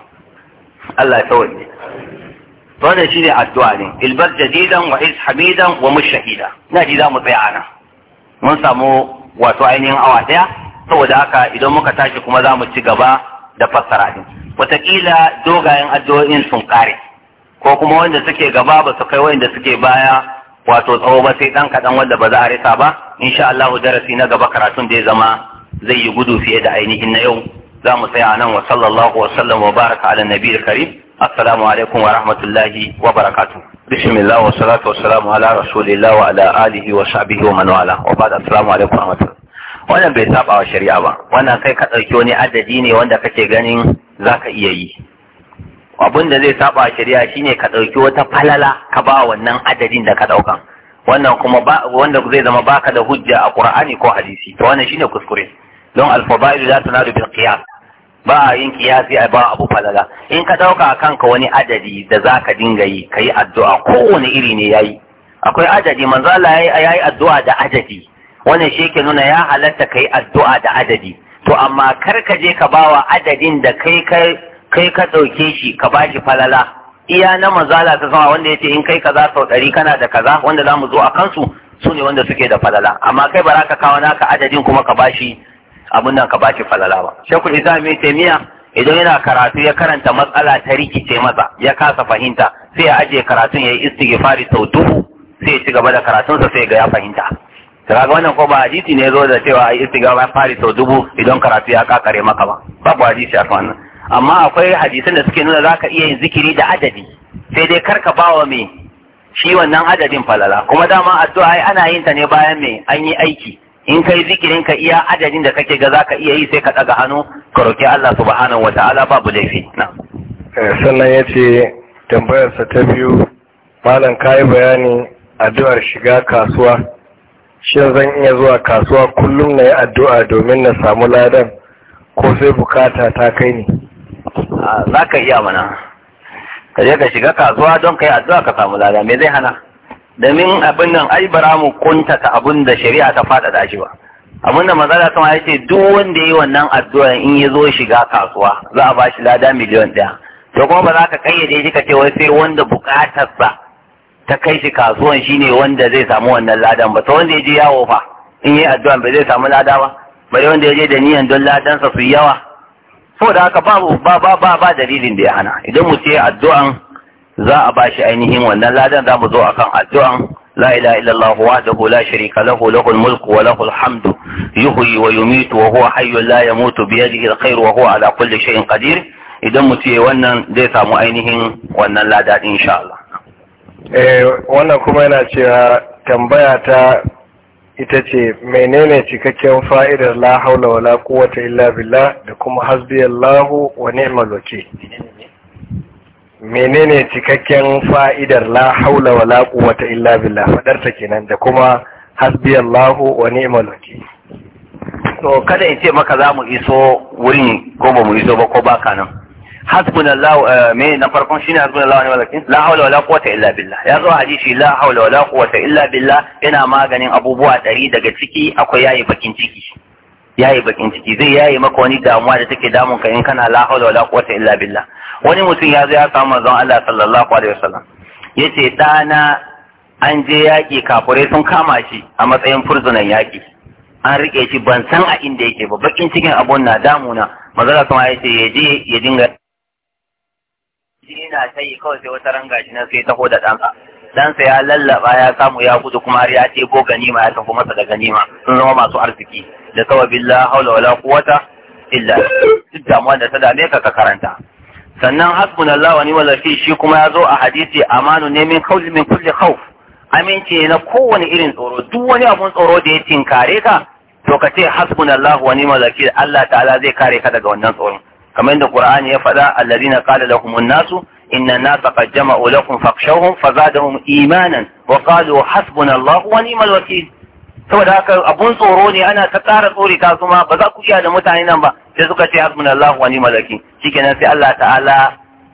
S1: Allah ya tawalle wannan shine addu'a ne ilbar jadidan wa is hamidan wa mushahida na ji za mu tsaya ana mun samu wato ainihin awa ɗaya saboda haka idan muka tashi kuma za mu ci gaba da fassara din wataƙila dogayen addu'o'in sun kare ko kuma wanda suke gaba ba su kai wanda suke baya wato tsawo ba sai dan kaɗan wanda ba za a risa ba insha Allah darasi na gaba karatun da ya zama zai yi gudu fiye da ainihin na yau za mu tsaya nan wa sallallahu wa sallam wa baraka ala nabiyil karim assalamu alaikum wa rahmatullahi wa barakatuh bismillah wa salatu wa salamu ala rasulillah wa ala alihi wa sahbihi wa man wala wa ba'd assalamu alaikum wa rahmatullahi wannan bai saba wa shari'a ba wannan kai ka ɗauki wani adadi ne wanda kake ganin za ka iya yi abin da zai saba wa shari'a shine ka ɗauki wata falala ka ba wannan adadin da ka ɗaukan wannan kuma ba wanda zai zama baka da hujja a qur'ani ko hadisi to wannan shine kuskure don al-fadail la tanadu bil qiyas ba a yin kiyasi a ba abu falala in ka ɗauka a kanka wani adadi da za ka dinga yi ka yi addu'a kowane iri ne ya yi akwai adadi manzo Allah ya yi addu'a da adadi wannan shi yake nuna ya halatta kai addu'a da adadi to amma kar ka je ka bawa adadin da kai kai ka ɗauke shi ka ba falala iya na mazala ta sama wanda ce in kai kaza sau ɗari kana da kaza wanda za mu zo a kansu su ne wanda suke da falala amma kai ba za ka kawo naka adadin kuma ka bashi abin nan ka bashi falala ba shekul islam ibn taymiya idan yana karatu ya karanta matsala ta rikice masa ya kasa fahimta sai ya ajiye karatun ya yi istighfari sau duhu sai ya ci gaba da karatunsa sai ga ya fahimta ga wannan ko ba hadisi ne zo da cewa ai istighfar fari sau dubu idan karatu ya kakare maka ba babu hadisi a wannan amma akwai hadisan da suke nuna za ka iya yin zikiri da adadi sai dai kar ka bawa me shi wannan adadin falala kuma dama addu'a ai ana yin ta ne bayan me an yi aiki in ka yi zikirin ka iya adadin da kake ga za ka iya yi sai ka ɗaga hannu ka roƙi Allah subhanahu ta'ala babu laifi na
S2: eh, sannan ce tambayarsa ta biyu malam ka yi bayani addu'ar shiga kasuwa shin zan iya zuwa kasuwa kullum na yi addu'a domin na samu ladan ko sai bukata ta kai ni za ka iya mana
S1: ka je ka shiga kasuwa don ka yi addu'a ka samu ladan me zai hana domin abin nan ai bara mu ta abin da shari'a ta da shi ba abin da maza sama ya ce duk wanda ya yi wannan addu'a in ya zo shiga kasuwa za a ba shi lada miliyon ɗaya to kuma ba za ka kayyade shi ka ce wai sai wanda bukatarsa ta kai shi kasuwan shine wanda zai samu wannan ladan ba to wanda ya je yawo fa in yi addu'a ba zai samu lada ba bari wanda ya je da niyan don ladansa su yawa saboda haka babu ba ba ba ba dalilin da ya hana idan mu ce addu'an za a shi ainihin wannan ladan za mu zo akan addu'an la ilaha illallah wahdahu la sharika lahu lahul mulku wa lahul hamdu yuhyi wa yumitu wa huwa hayyun la yamutu bi yadihi alkhair wa huwa ala kulli shay'in qadir idan mu ce wannan zai samu ainihin wannan lada insha Allah
S2: Eh, wannan kuma yana cewa tambaya ta ita ce menene cikakken fa'idar la haula wa la quwwata illa billah da kuma hasbiyallahu wa ni'mal wakil menene cikakken fa'idar la haula wa la quwwata illa billah fadar ta kenan da kuma hasbiyallahu wa ni'mal wakil to kada in ce
S1: maka za mu iso wurin ko ba mu iso ba ko baka nan hasbunallahu eh, me na farkon shine hasbunallahu wa ni'mal la hawla wala quwwata illa billah ya zo hadisi la hawla wala quwwata illa billah yana maganin abubuwa ɗari daga ciki akwai yayi bakin ciki yayi bakin ciki zai yayi maka wani damuwa da take damun ka in kana la hawla wala quwwata illa billah wani mutum ya zo ya samu manzon Allah sallallahu alaihi wasallam yace dana an je yaƙi kafurai sun kama shi a matsayin furzunan yaƙi an riƙe shi ban san a inda yake ba bakin cikin abun na damuna manzon Allah ya ce ya je ya dinga shi na ta yi kawai sai wata ranga shi na sai taho da ɗansa ɗansa ya lallaba ya samu ya gudu kuma har ya ɗebo ganima ya tafi masa da ganima sun zama masu arziki da sababin la haula wala quwwata illa duk damuwa da ta dame ka ka karanta sannan hasbunallahu wa ni'mal wakil shi kuma ya zo a hadisi amanu ne min kauli min kulli khawf aminci na kowane irin tsoro duk wani abun tsoro da ya tinkare ka to ka ce hasbunallahu wa ni'mal wakil Allah ta'ala zai kare ka daga wannan tsoron kamar da Qur'ani ya faɗa alladhina qala lahumun nasu inna nasa qad jama'u lakum fakhshawhum fazadahum imanan wa qalu hasbuna Allah wa ni'mal wakeel saboda haka abun tsoro ne ana ta tsara tsori ta kuma ba za ku iya da mutane nan ba sai suka ce hasbuna Allahu wa ni'mal wakeel shikenan sai Allah ta'ala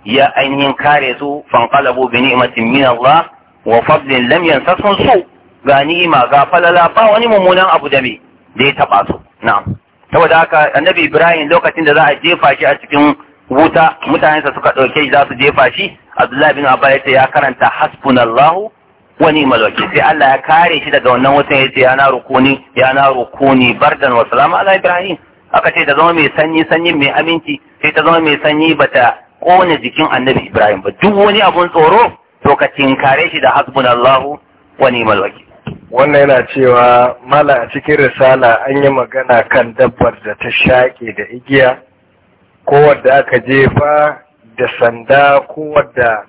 S1: ya ainihin kare su fanqalabu bi ni'matin min Allah wa fadlin lam yansasum su ga ni'ima ga falala ba wani mummunan abu da me da ya taba su na'am saboda haka annabi ibrahim lokacin da za a jefa shi a cikin wuta mutanensa suka ɗauke shi za su jefa shi abdullahi bin abba ya ce ya karanta hasbunallahu wa ni'mal wakil sai Allah ya kare shi daga wannan wutan ya ce ya na rukuni ya na rukuni bardan wa salama ala ibrahim aka ce ta zama mai sanyi sanyi mai aminci sai ta zama mai sanyi bata kone jikin annabi ibrahim ba duk wani abun tsoro lokacin kare shi da hasbunallahu wa ni'mal wakil
S2: wannan yana cewa mala a cikin risala an yi magana kan dabbar da ta shaƙe da igiya ko wadda aka jefa da sanda ko wadda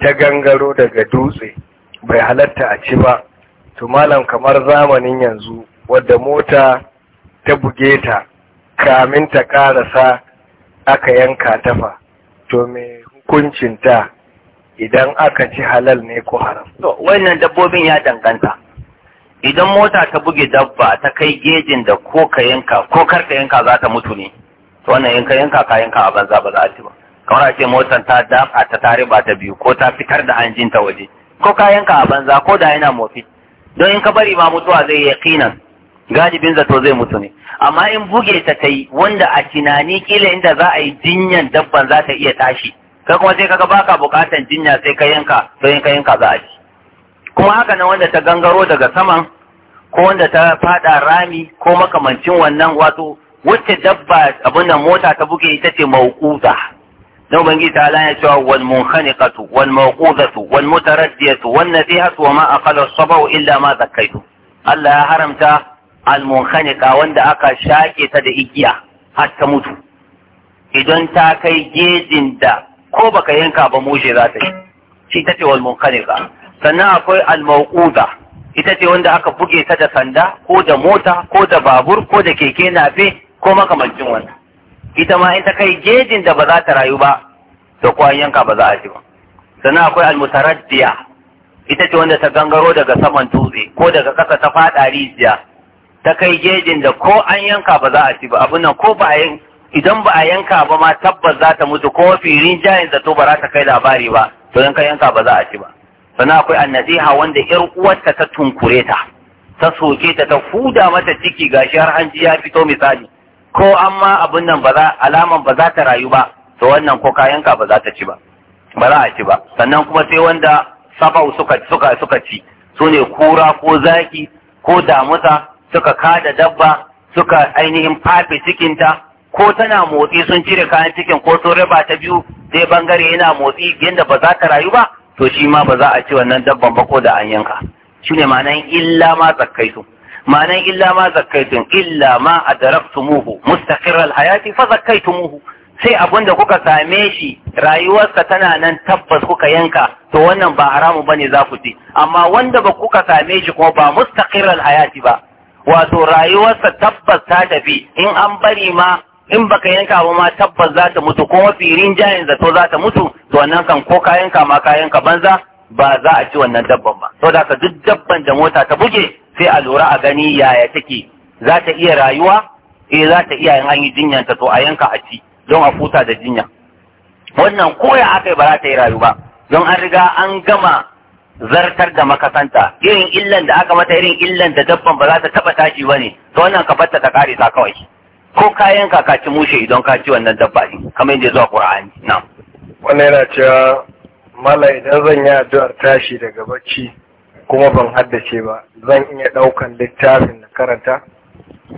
S2: ta gangaro daga dutse bai halatta a ci ba to malam kamar zamanin yanzu wadda mota ta buge ta kamin ta karasa aka yanka tafa to me hukuncinta idan aka ci halal ne ko haram to wannan dabbobin ya danganta
S1: idan mota ta buge dabba ta kai gejin da ko ka yanka ko kar ka yanka za ta mutu ne to wannan yanka yanka ka yanka a banza ba za a ci ba kamar a ce motar ta dafa ta tare ba ta biyu ko ta fitar da hanjin ta waje ko ka yanka a banza ko da yana mofi don in ka bari ma mutuwa zai yaqinan galibin zato zai mutu ne amma in buge ta ta yi wanda a tunani kila inda za a yi jinyan dabban za ta iya tashi ka kuma sai kaga baka bukatan jinya sai ka yanka to yanka yanka za a ci kuma haka nan wanda ta gangaro daga saman ko wanda ta fada rami ko makamancin wannan wato wacce dabba abin nan mota ta buge ita ce mawquta dan ubangiji ta ala ya cewa wal munkhaniqatu wal mawqudatu wal mutaraddiyatu wan nasihatu wa ma aqala as illa ma zakkaitu Allah ya haramta al munkhaniqa wanda aka shake ta da igiya har ta mutu idan ta kai gejin da ko baka yanka ba muje za ta yi shi ta ce wal munkhaniqa sannan akwai al mawquda ita ce wanda aka buge ta da sanda ko da mota ko da babur ko da keke nafe ko makamancin wannan ita ma in ta kai gejin da ba za ta rayu ba to ko an yanka ba za a ji ba sannan akwai almutaraddiya ita ce wanda ta gangaro daga saman tutse, ko daga kasa ta faɗa rijiya ta kai gejin da ko an yanka ba za a ci ba abin nan ko ba idan ba a yanka ba ma tabbas za ta mutu ko firin rinjayen zato ba za ta kai labari ba to yanka yanka ba za a ci ba sannan akwai annasiha wanda yar uwarta ta tunkure ta ta soke ta ta fuda mata ciki gashi har hanji ya fito misali ko amma abin nan ba za alaman ba za ta rayu ba to wannan ko kayanka ba za ta ci ba ba za a ci ba sannan kuma sai wanda sabau suka suka suka ci su ne kura ko zaki ko damusa suka kada dabba suka ainihin fafe cikinta ko tana motsi sun cire kayan cikin ko sun raba ta biyu sai bangare yana motsi yadda ba za ta rayu ba to shi ma ba za a ci wannan dabban ba ko da an yanka shine ma'anan illa ma zakkaitu ma'anan illa ma a illa ma adraftumuhu mustaqirra alhayati fa zakkaitumuhu sai abin da kuka same shi rayuwarsa tana nan tabbas kuka yanka to wannan ba haramu bane za ku ci amma wanda ba kuka same shi kuma ba mustaqirral hayati ba wato rayuwarsa tabbas ta tafi in an bari ma in baka yanka ba ma tabbas za ta mutu ko mafi rinjayen to za ta mutu to wannan kan ko ka yanka ma ka yanka banza ba za a ci wannan dabban ba da ka duk dabban da mota ta buge sai a lura a gani yaya take za ta iya rayuwa eh za ta iya yin an yi ta to a yanka a ci don a futa da jinya wannan koya aka ba za ta yi rayu ba don an riga an gama zartar da makasanta irin illan da aka mata irin illan da dabban ba za ta taba tashi ba ne to wannan ka batta ta kare ta kawai ko kayan ka ci mushe idan ka ci wannan dabba din kamar yadda zuwa qur'ani na'am
S2: wannan yana cewa mala idan zan yi addu'ar tashi daga bacci kuma ban haddace ba zan iya ɗaukan littafin da karanta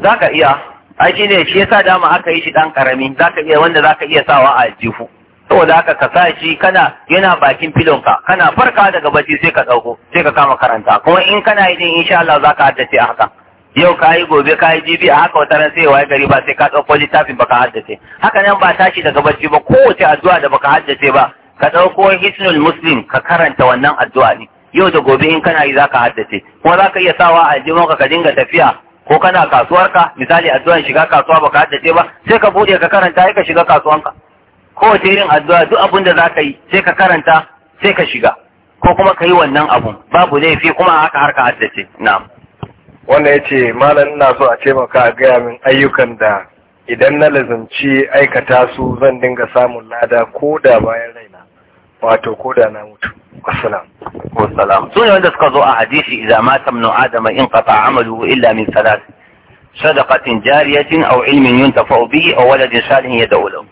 S2: zaka iya ai shine ne shi yasa
S1: dama aka yi shi dan karami zaka iya wanda zaka iya sawa a jifu saboda haka ka sa shi kana yana bakin filon ka, kana farka daga bacci sai ka ɗauko sai ka kama karanta kuma in kana yi din insha Allah zaka haddace a hakan yau ka yi gobe ka yi jibi a haka wata ran sai waye gari ba sai ka ɗauko littafin baka haddace haka nan ba tashi daga bacci ba kowace addu'a da baka haddace ba ka ɗauko hisnul muslim ka karanta wannan addu'a ne yau da gobe in kana yi zaka haddace kuma zaka iya sawa a aljihunka ka dinga tafiya ko kana kasuwarka misali addu'an shiga kasuwa baka haddace ba sai ka bude ka karanta sai ka shiga kasuwanka kowace irin addu'a duk abin da zaka yi sai
S2: ka karanta sai ka shiga ko kuma ka yi wannan abun babu laifi kuma haka har ka haddace na'am wanda ya ce malam ina so a taimaka a gaya min ayyukan da idan na lazumci aikata su zan dinga samun lada ko da bayan raina wato ko da na mutu wassalam
S1: wassalam sun wanda suka zo a hadisi idza mata ibn adam in qata amaluhu illa min salat sadaqatin jariyatin aw ilmin yuntafa bihi aw waladin salihin yad'u lahu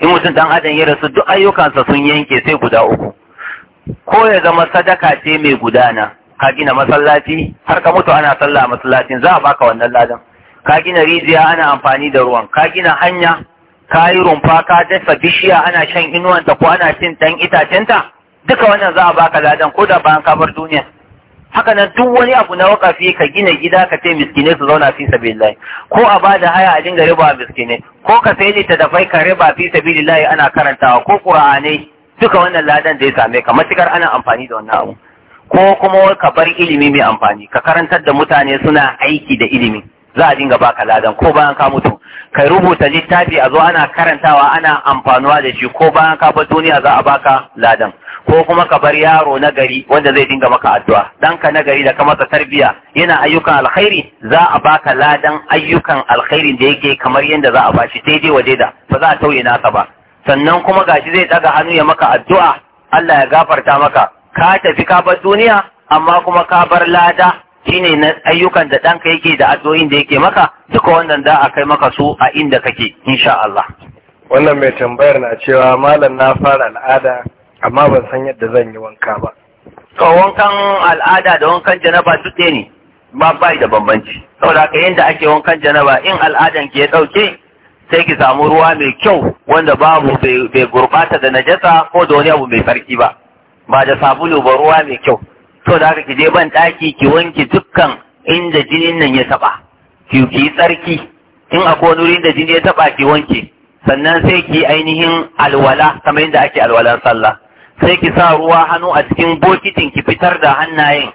S1: in mutum dan adam ya rasu duk ayyukansa sun yanke sai guda uku ko ya zama sadaka ce mai gudana ka gina masallaci har ka mutu ana sallah a masallacin za a baka wannan ladan ka gina rijiya ana amfani da ruwan ka gina hanya ka yi rumfa ka dasa bishiya ana shan inuwanta ko ana cin dan itacenta duka wannan za a baka ladan ko da bayan ka bar duniya haka nan duk wani abu na wakafi ka gina gida ka ce miskine su zauna fi sabilillahi ko a ba da haya a dinga riba miskine ko ka sai littattafai ka riba fi sabilillahi ana karantawa ko qur'anai duka wannan ladan da ya same ka matukar ana amfani da wannan abu ko kuma ka bar ilimi mai amfani ka karantar da mutane suna aiki da ilimi za a dinga baka ladan ko bayan ka mutu kai rubuta littafi a zo ana karantawa ana amfanuwa da shi ko bayan ka bar duniya za a baka ladan ko kuma ka bar yaro na gari wanda zai dinga maka addu'a danka na gari da ka masa tarbiya yana ayyukan alkhairi za a baka ladan ayyukan alkhairin da yake kamar yadda za a bashi daidai wa daida ba za a tauye naka ba sannan kuma gashi zai daga hannu ya maka addu'a Allah ya gafarta maka ka tafi ka bar duniya amma kuma ka bar lada shine na ayyukan da ɗanka yake da addu'o'in da yake maka duka wannan da a kai maka su a inda
S2: kake insha Allah wannan mai tambayar na cewa malam na fara al'ada amma ban san yadda zan yi wanka ba
S1: Ka wankan al'ada da wankan janaba duk ne ba bai da bambanci saboda ka yadda ake wankan janaba in al'adan ke dauke sai ki samu ruwa mai kyau wanda babu bai gurbata da najasa ko da wani abu mai sarki ba ba da sabulu ba ruwa mai kyau to da haka ki je ban ɗaki ki wanke dukkan inda jinin nan ya taɓa ki ki tsarki in akwai wani wurin da jini ya taɓa ki wanke sannan sai ki ainihin alwala kamar yadda ake alwalan sallah sai ki sa ruwa hannu a cikin bokitin ki fitar da hannayen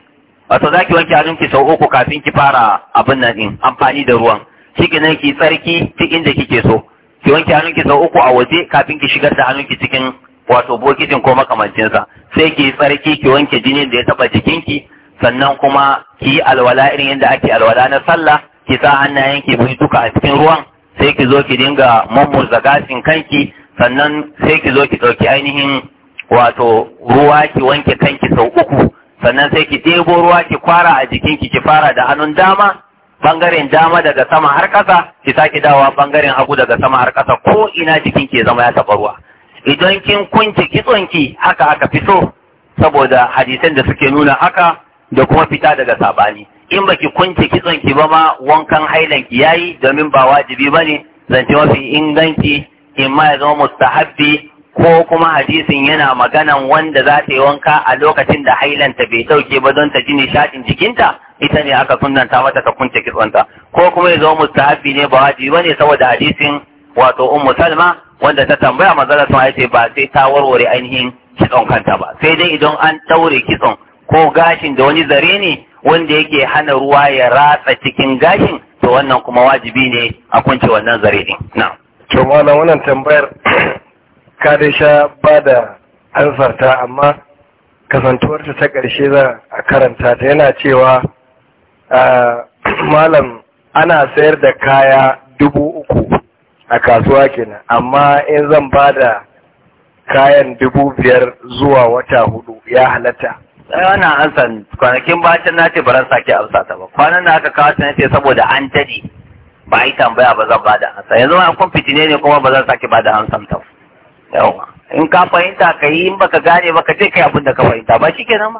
S1: wato za ki wanke hannun ki sau uku kafin ki fara abin nan din amfani da ruwan shi nan ki tsarki duk inda kike so ki wanke hannun ki sau uku a waje kafin ki shigar da hannun ki cikin wato bokitin ko makamancinsa sai ki tsarki ki wanke jinin da ya taba jikinki sannan kuma ki yi alwala irin yadda ake alwala na sallah ki sa hannayen ki bi duka a cikin ruwan sai ki zo ki dinga mummurza gashin kanki sannan sai ki zo ki ɗauki ainihin wato ruwa ki wanke kanki sau uku sannan sai ki ɗebo ruwa ki kwara a jikinki ki fara da hannun dama bangaren dama daga sama har ƙasa ki sake dawowa bangaren hagu daga sama har ƙasa ko ina jikinki ya zama ya taɓa ruwa idan kin kunce kitsonki haka aka fi so saboda hadisan da suke nuna haka da kuma fita daga sabani in baki kunce kitsonki ba ma wankan hailanki yayi domin ba wajibi bane zance mafi inganci in ma ya zama mustahabbi ko kuma hadisin yana maganan wanda za ta yi wanka a lokacin da hailanta bai dauke ba don ta ji nishadin jikinta ita ne aka sunanta mata ta kunce kitsonta ko kuma ya zama mustahabbi ne ba wajibi bane saboda hadisin wato ummu salma wanda ta tambaya manzala sun aice ba sai ta warware ainihin kitson kanta ba sai dai idan an taure kitson ko gashin da wani zare ne wanda yake hana ruwa ya ratsa cikin gashin to wannan kuma wajibi ne a kunce wannan zare din na
S2: to malam wannan tambayar ka dai sha da ansarta amma kasantuwarta ta ƙarshe za a karanta ta yana cewa ah, malam ana sayar da kaya dubu uku a kasuwa kenan amma in zan ba da kayan dubu biyar zuwa wata hudu ya halatta sai wannan
S1: ansan kwanakin bacin na ce baran sake amsa ta ba kwanan da aka kawo ta ce saboda an tadi ba a yi tambaya ba zan bada amsa yanzu ma kun fitine ne kuma ba zan sake bada ansan ta yawa in ka fahimta ka yi in baka gane ba ka ce kai abin da ka fahimta ba shi kenan ma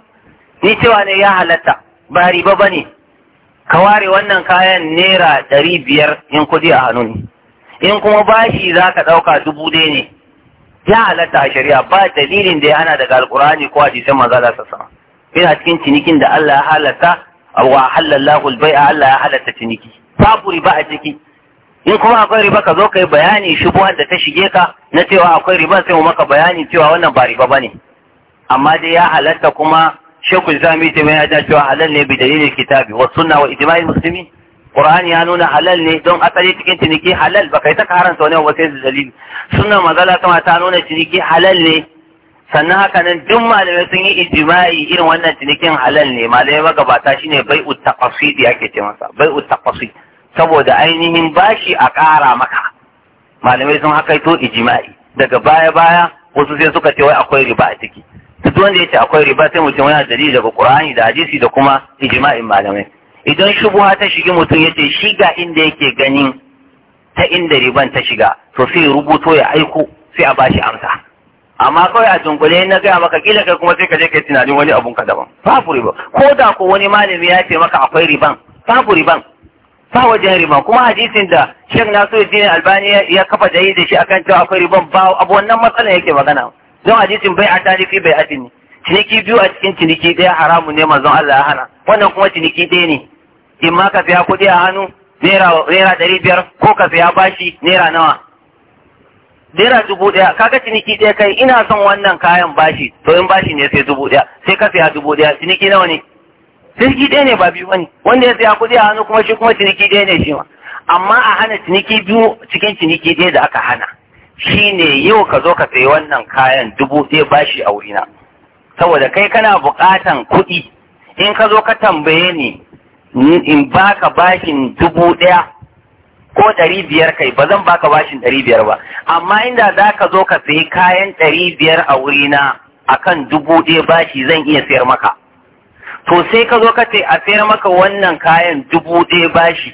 S1: ni cewa ne ya halatta ba riba ba ne ka ware wannan kayan naira ɗari biyar in kuɗi a hannu ne in kuma bashi za ka ɗauka dubu ɗaya ne ya halatta a shari'a ba dalilin da ya hana daga alkurani ko hadisan maza za su sama yana cikin cinikin da Allah ya halatta wa halallahu albai'a Allah ya halatta ciniki babu riba a ciki in kuma akwai riba ka zo kai bayani shubuhar da ta shige ka na cewa akwai riba sai mu maka bayani cewa wannan ba riba ne. amma dai ya halatta kuma shekul zami ta mai ya cewa halal ne bi dalilin kitabi wa sunna wa ijma'il muslimin Qur'ani ya nuna halal ne don asali cikin ciniki halal ba kai ta karanta wani sai da dalili Sunan magana sama ta nuna ciniki halal ne sannan haka nan duk malamai sun yi ijma'i irin wannan cinikin halal ne malamai magabata shine bai'u taqasid yake ce masa bai'u taqasid saboda ainihin bashi a ƙara maka malamai sun haka to ijma'i daga baya baya wasu sai suka ce wai akwai riba a ciki duk wanda ya ce akwai riba sai mutum yana dalili daga Qur'ani da hadisi da kuma ijma'in malamai idan shubuha ta shigi mutum ya ce shi ga inda yake ganin ta inda riban ta shiga to sai rubuto ya aiko sai a bashi amsa amma kawai a dunkule na gaya maka kila kai kuma sai ka je kai tunanin wani abun ka daban babu riba ko da ko wani malami ya ce maka akwai riban babu riban ba wajen riban kuma hadisin da Sheikh Nasiruddin Albani ya kafa jayi da shi akan cewa akwai riban ba abu wannan matsala yake magana don hadisin bai a tarihi bai atini ciniki biyu a cikin ciniki ɗaya haramun ne manzon Allah ya hana wannan kuma ciniki daya ne in ma ka saya kuɗi a hannu naira ɗari biyar ko ka saya bashi naira nawa naira dubu ɗaya kaga ciniki ɗaya kai ina son wannan kayan bashi to in bashi ne sai dubu ɗaya sai ka saya dubu ɗaya ciniki nawa ne ciniki ɗaya ne ba biyu ne, wanda ya saya kuɗi a hannu kuma shi kuma ciniki ɗaya ne shi ma amma a hana ciniki biyu cikin ciniki ɗaya da aka hana Shi ne yau ka zo ka sayi wannan kayan dubu ɗaya bashi a wurina saboda kai kana buƙatan kuɗi in ka zo ka tambaye ni in baka bashin dubu ɗaya ko ɗari biyar kai ba zan baka bashin ɗari biyar ba amma inda za ka zo ka sayi kayan ɗari biyar a wurina a kan dubu ɗaya bashi zan iya sayar maka to sai ka zo ka ce a sayar maka wannan kayan dubu ɗaya bashi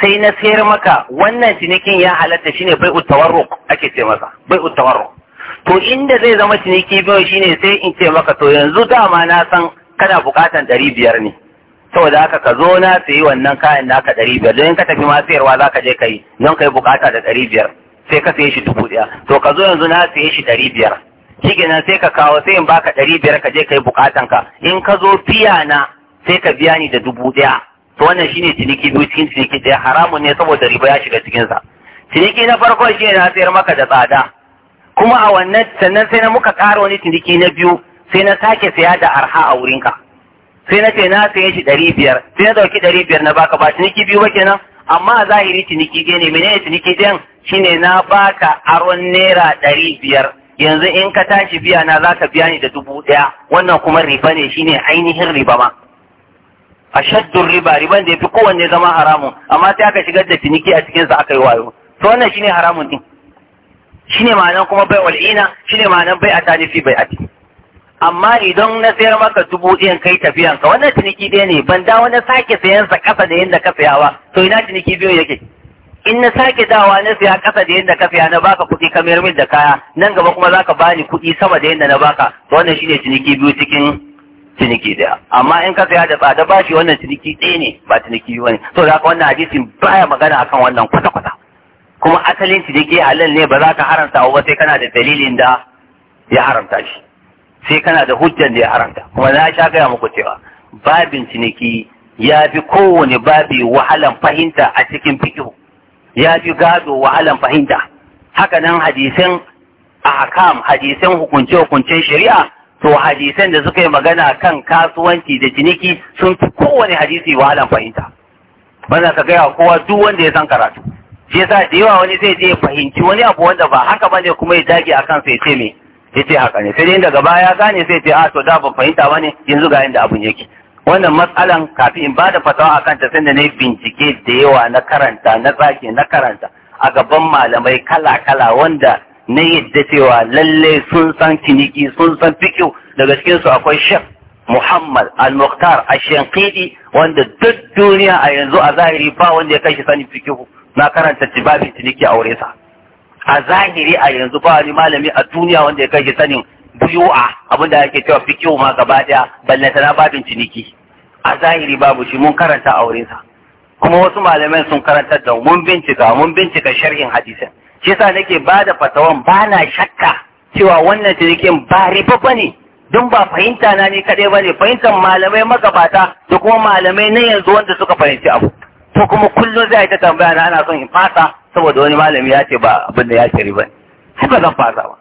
S1: sai na sayar maka wannan cinikin ya halatta shine bai utawarruk ake ce masa bai utawarruk to inda zai zama ciniki biyu shine sai in ce maka to yanzu dama na san kana bukatan ɗari biyar ne saboda haka ka zo na sayi wannan kayan naka ɗari biyar don ka tafi ma sayarwa za ka je ka yi don ka yi bukata da ɗari biyar sai ka saye shi dubu ɗaya to ka zo yanzu na saye shi ɗari biyar shikenan sai ka kawo sai in baka ɗari biyar ka je ka yi bukatan ka in ka zo fiya na sai ka biya ni da dubu ɗaya to wannan shine ciniki biyu cikin ciniki ɗaya haramun ne saboda riba ya shiga cikinsa ciniki na farko shine na sayar maka da tsada kuma a wannan sannan sai na muka ƙara wani ciniki na biyu sai na sake saya da arha a wurinka sai na ce na saye shi ɗari biyar sai na ɗauki ɗari biyar na baka ba ciniki biyu ba kenan amma a zahiri ciniki ɗaya ne menene ciniki ɗayan shine na baka aron naira ɗari biyar yanzu in ka tashi biya na za ka biya ni da dubu ɗaya wannan kuma riba ne shine ainihin riba ma a shaddun riba riban da ya fi kowanne zama haramun amma sai aka shigar da ciniki a cikinsa aka yi wayo to wannan shine haramun din shine ma'anan kuma bai wal'ina shine ma'anan bai a tanifi bai a cikin amma idan na sayar maka dubu ɗayan kai tafiyan ka wannan ciniki ɗaya ne ban dawo na sake sayan sa ƙasa da yadda ka saya ba to ina ciniki biyu yake in na sake dawa na saya ƙasa da yadda ka saya na baka kuɗi ka mayar min da kaya nan gaba kuma zaka bani kuɗi sama da yadda na baka to wannan shine ciniki biyu cikin ciniki ɗaya. amma in ka saya da tsada ba shi wannan ciniki ɗaya ne ba ciniki biyu ne to zaka wannan hadisin baya magana akan wannan kwata-kwata kuma asalin ciniki halal ne ba za ka haramta ba sai kana da dalilin da ya haramta shi sai kana da hujjan da ya haramta kuma na sha gaya muku cewa babin ciniki ya fi kowane babi wahalan fahimta a cikin fikihu ya fi gado wahalan fahimta haka nan hadisan ahkam hadisan hukunce hukuncen shari'a to hadisan da suka yi magana kan kasuwanci da ciniki sun fi kowane hadisi wahalan fahimta bana ka gaya kowa duk wanda ya san karatu shi yasa da yawa wani zai je fahimci wani abu wanda ba haka bane kuma ya dage akan sai ce me yace haka ne sai dai daga baya gane sai ce a ah, to da ban fahimta bane yanzu ga yanda abun yake wannan matsalan kafin in bada fatawa akan ta sanda na bincike da yawa na karanta na zaki na karanta a gaban malamai kala kala wanda na yadda cewa lalle sun san kiniki sun san fikiu daga cikin su akwai shek Muhammad Al-Muqtar Ash-Shanqidi wanda duk duniya a yanzu a zahiri ba wanda ya kai shi sanin fikihu na karanta tibabin ciniki a wurin a zahiri a yanzu ba wani malami a duniya wanda ya kai shi sanin buyu'a da ake cewa kyau ma gaba daya balle na babin ciniki a zahiri babu shi mun karanta a wurin sa kuma wasu malamai sun karanta da mun bincika mun bincika sharhin hadisin shi yasa nake ba da fatawan ba na shakka cewa wannan cinikin ba riba bane don ba fahimta na ne kadai bane fahimtar malamai magabata da kuma malamai na yanzu wanda suka fahimci abu to kuma kullum zai ta tambaya na ana son in fasa saboda wani malami ya ce ba abin da ya ce riba ne ba zan fasa ba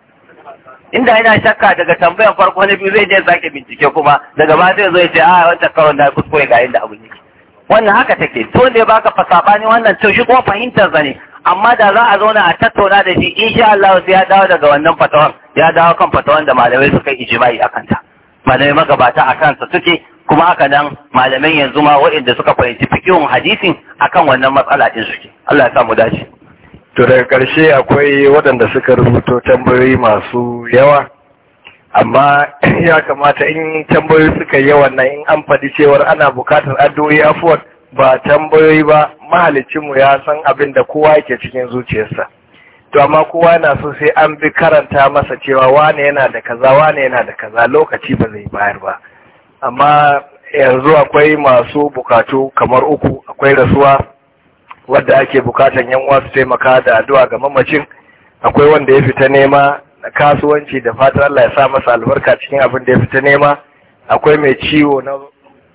S1: inda ina shakka daga tambayan farko na biyu zai je zake bincike kuma daga ba zai zo ya ce a ah, wata karon da kuskure ga inda abu yake wannan haka take to ne baka fasafa ne wannan to shi kuma fahimtar sa ne amma da za a zauna a tattauna da shi insha Allah sai ya dawo daga wannan fatawar ya dawo kan fatawan da malamai suka ijimai akan ta malamai magabata a kansa suke kuma haka nan malamai yanzu ma waɗanda suka fahimci fikihun hadisin akan wannan matsala din suke Allah ya samu dace
S2: to daga ƙarshe akwai waɗanda suka rubuto tambayoyi masu yawa amma ya kamata in tambayoyi suka yi yawan in an faɗi cewar ana buƙatar addu'o'i afuwar ba tambayoyi ba mahalicinmu ya san abin da kowa yake cikin zuciyarsa to amma kowa yana so sai an bi karanta masa cewa wane yana da kaza wane yana da kaza lokaci ba zai bayar ba amma yanzu akwai masu bukatu kamar uku akwai rasuwa wadda ake bukatan yan uwa su taimaka da addu'a ga mamacin akwai wanda ya fita nema na kasuwanci da fatan Allah ya sa masa albarka cikin abin da ya fita nema akwai mai ciwo na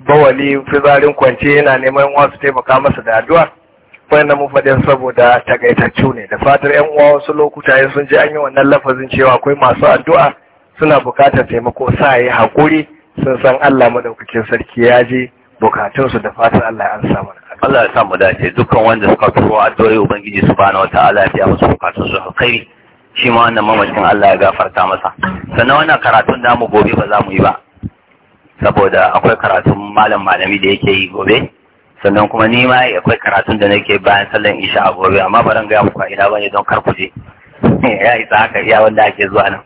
S2: bawali fizarin kwance yana neman yan uwa su taimaka masa da addu'a wannan mun faɗin saboda tagaitaccu ne da fatar yan uwa wasu lokuta sun ji an yi wannan lafazin cewa akwai masu addu'a suna bukatar taimako sa yi haƙuri sun san Allah maɗaukakin sarki ya je bukatunsu da fatan Allah ya ansa mana
S1: Allah ya samu dace dukkan wanda suka turo addu'o'i ubangiji subhanahu wata ya a musu bukatunsu alkhairi shi ma wannan mamacin Allah ya gafarta masa sannan wannan karatun da mu gobe ba za mu yi ba saboda akwai karatun malam malami da yake yi gobe sannan kuma ni ma akwai karatun da nake bayan sallan isha a gobe amma ba ran ga muku ina bane don kar ku je ya isa haka iya wanda ake zuwa nan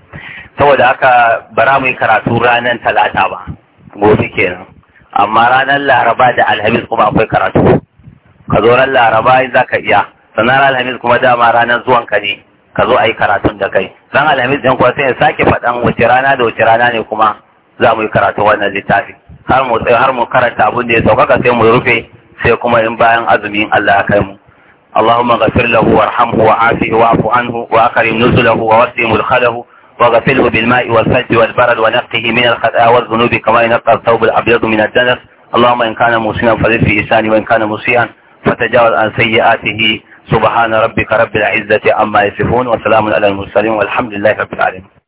S1: saboda haka za mu yi karatu ranar talata ba gobe kenan amma ranar laraba da alhamis kuma akwai karatu ka zo ran laraba za ka iya sannan alhamis kuma dama ranar zuwan ka ne ka zo a yi karatun da kai ran alhamis ɗin kuwa sai ya sake faɗan wace rana da wace rana ne kuma za mu yi karatu wannan littafi har mu har mu karanta abin da ya sauƙaƙa sai mu rufe sai kuma in bayan azumi Allah ya kai mu اللهم اغفر له وارحمه وعافه واعف عنه واكرم نزله ووسع مدخله وغسله بالماء والثلج والبرد ونقه من الخطايا والذنوب كما ينقى الثوب الابيض من الدنس اللهم ان كان موسيا فليس في لساني وان كان موسيا فتجاوز عن سيئاته سبحان ربك رب العزه عما يصفون وسلام على المرسلين والحمد لله رب العالمين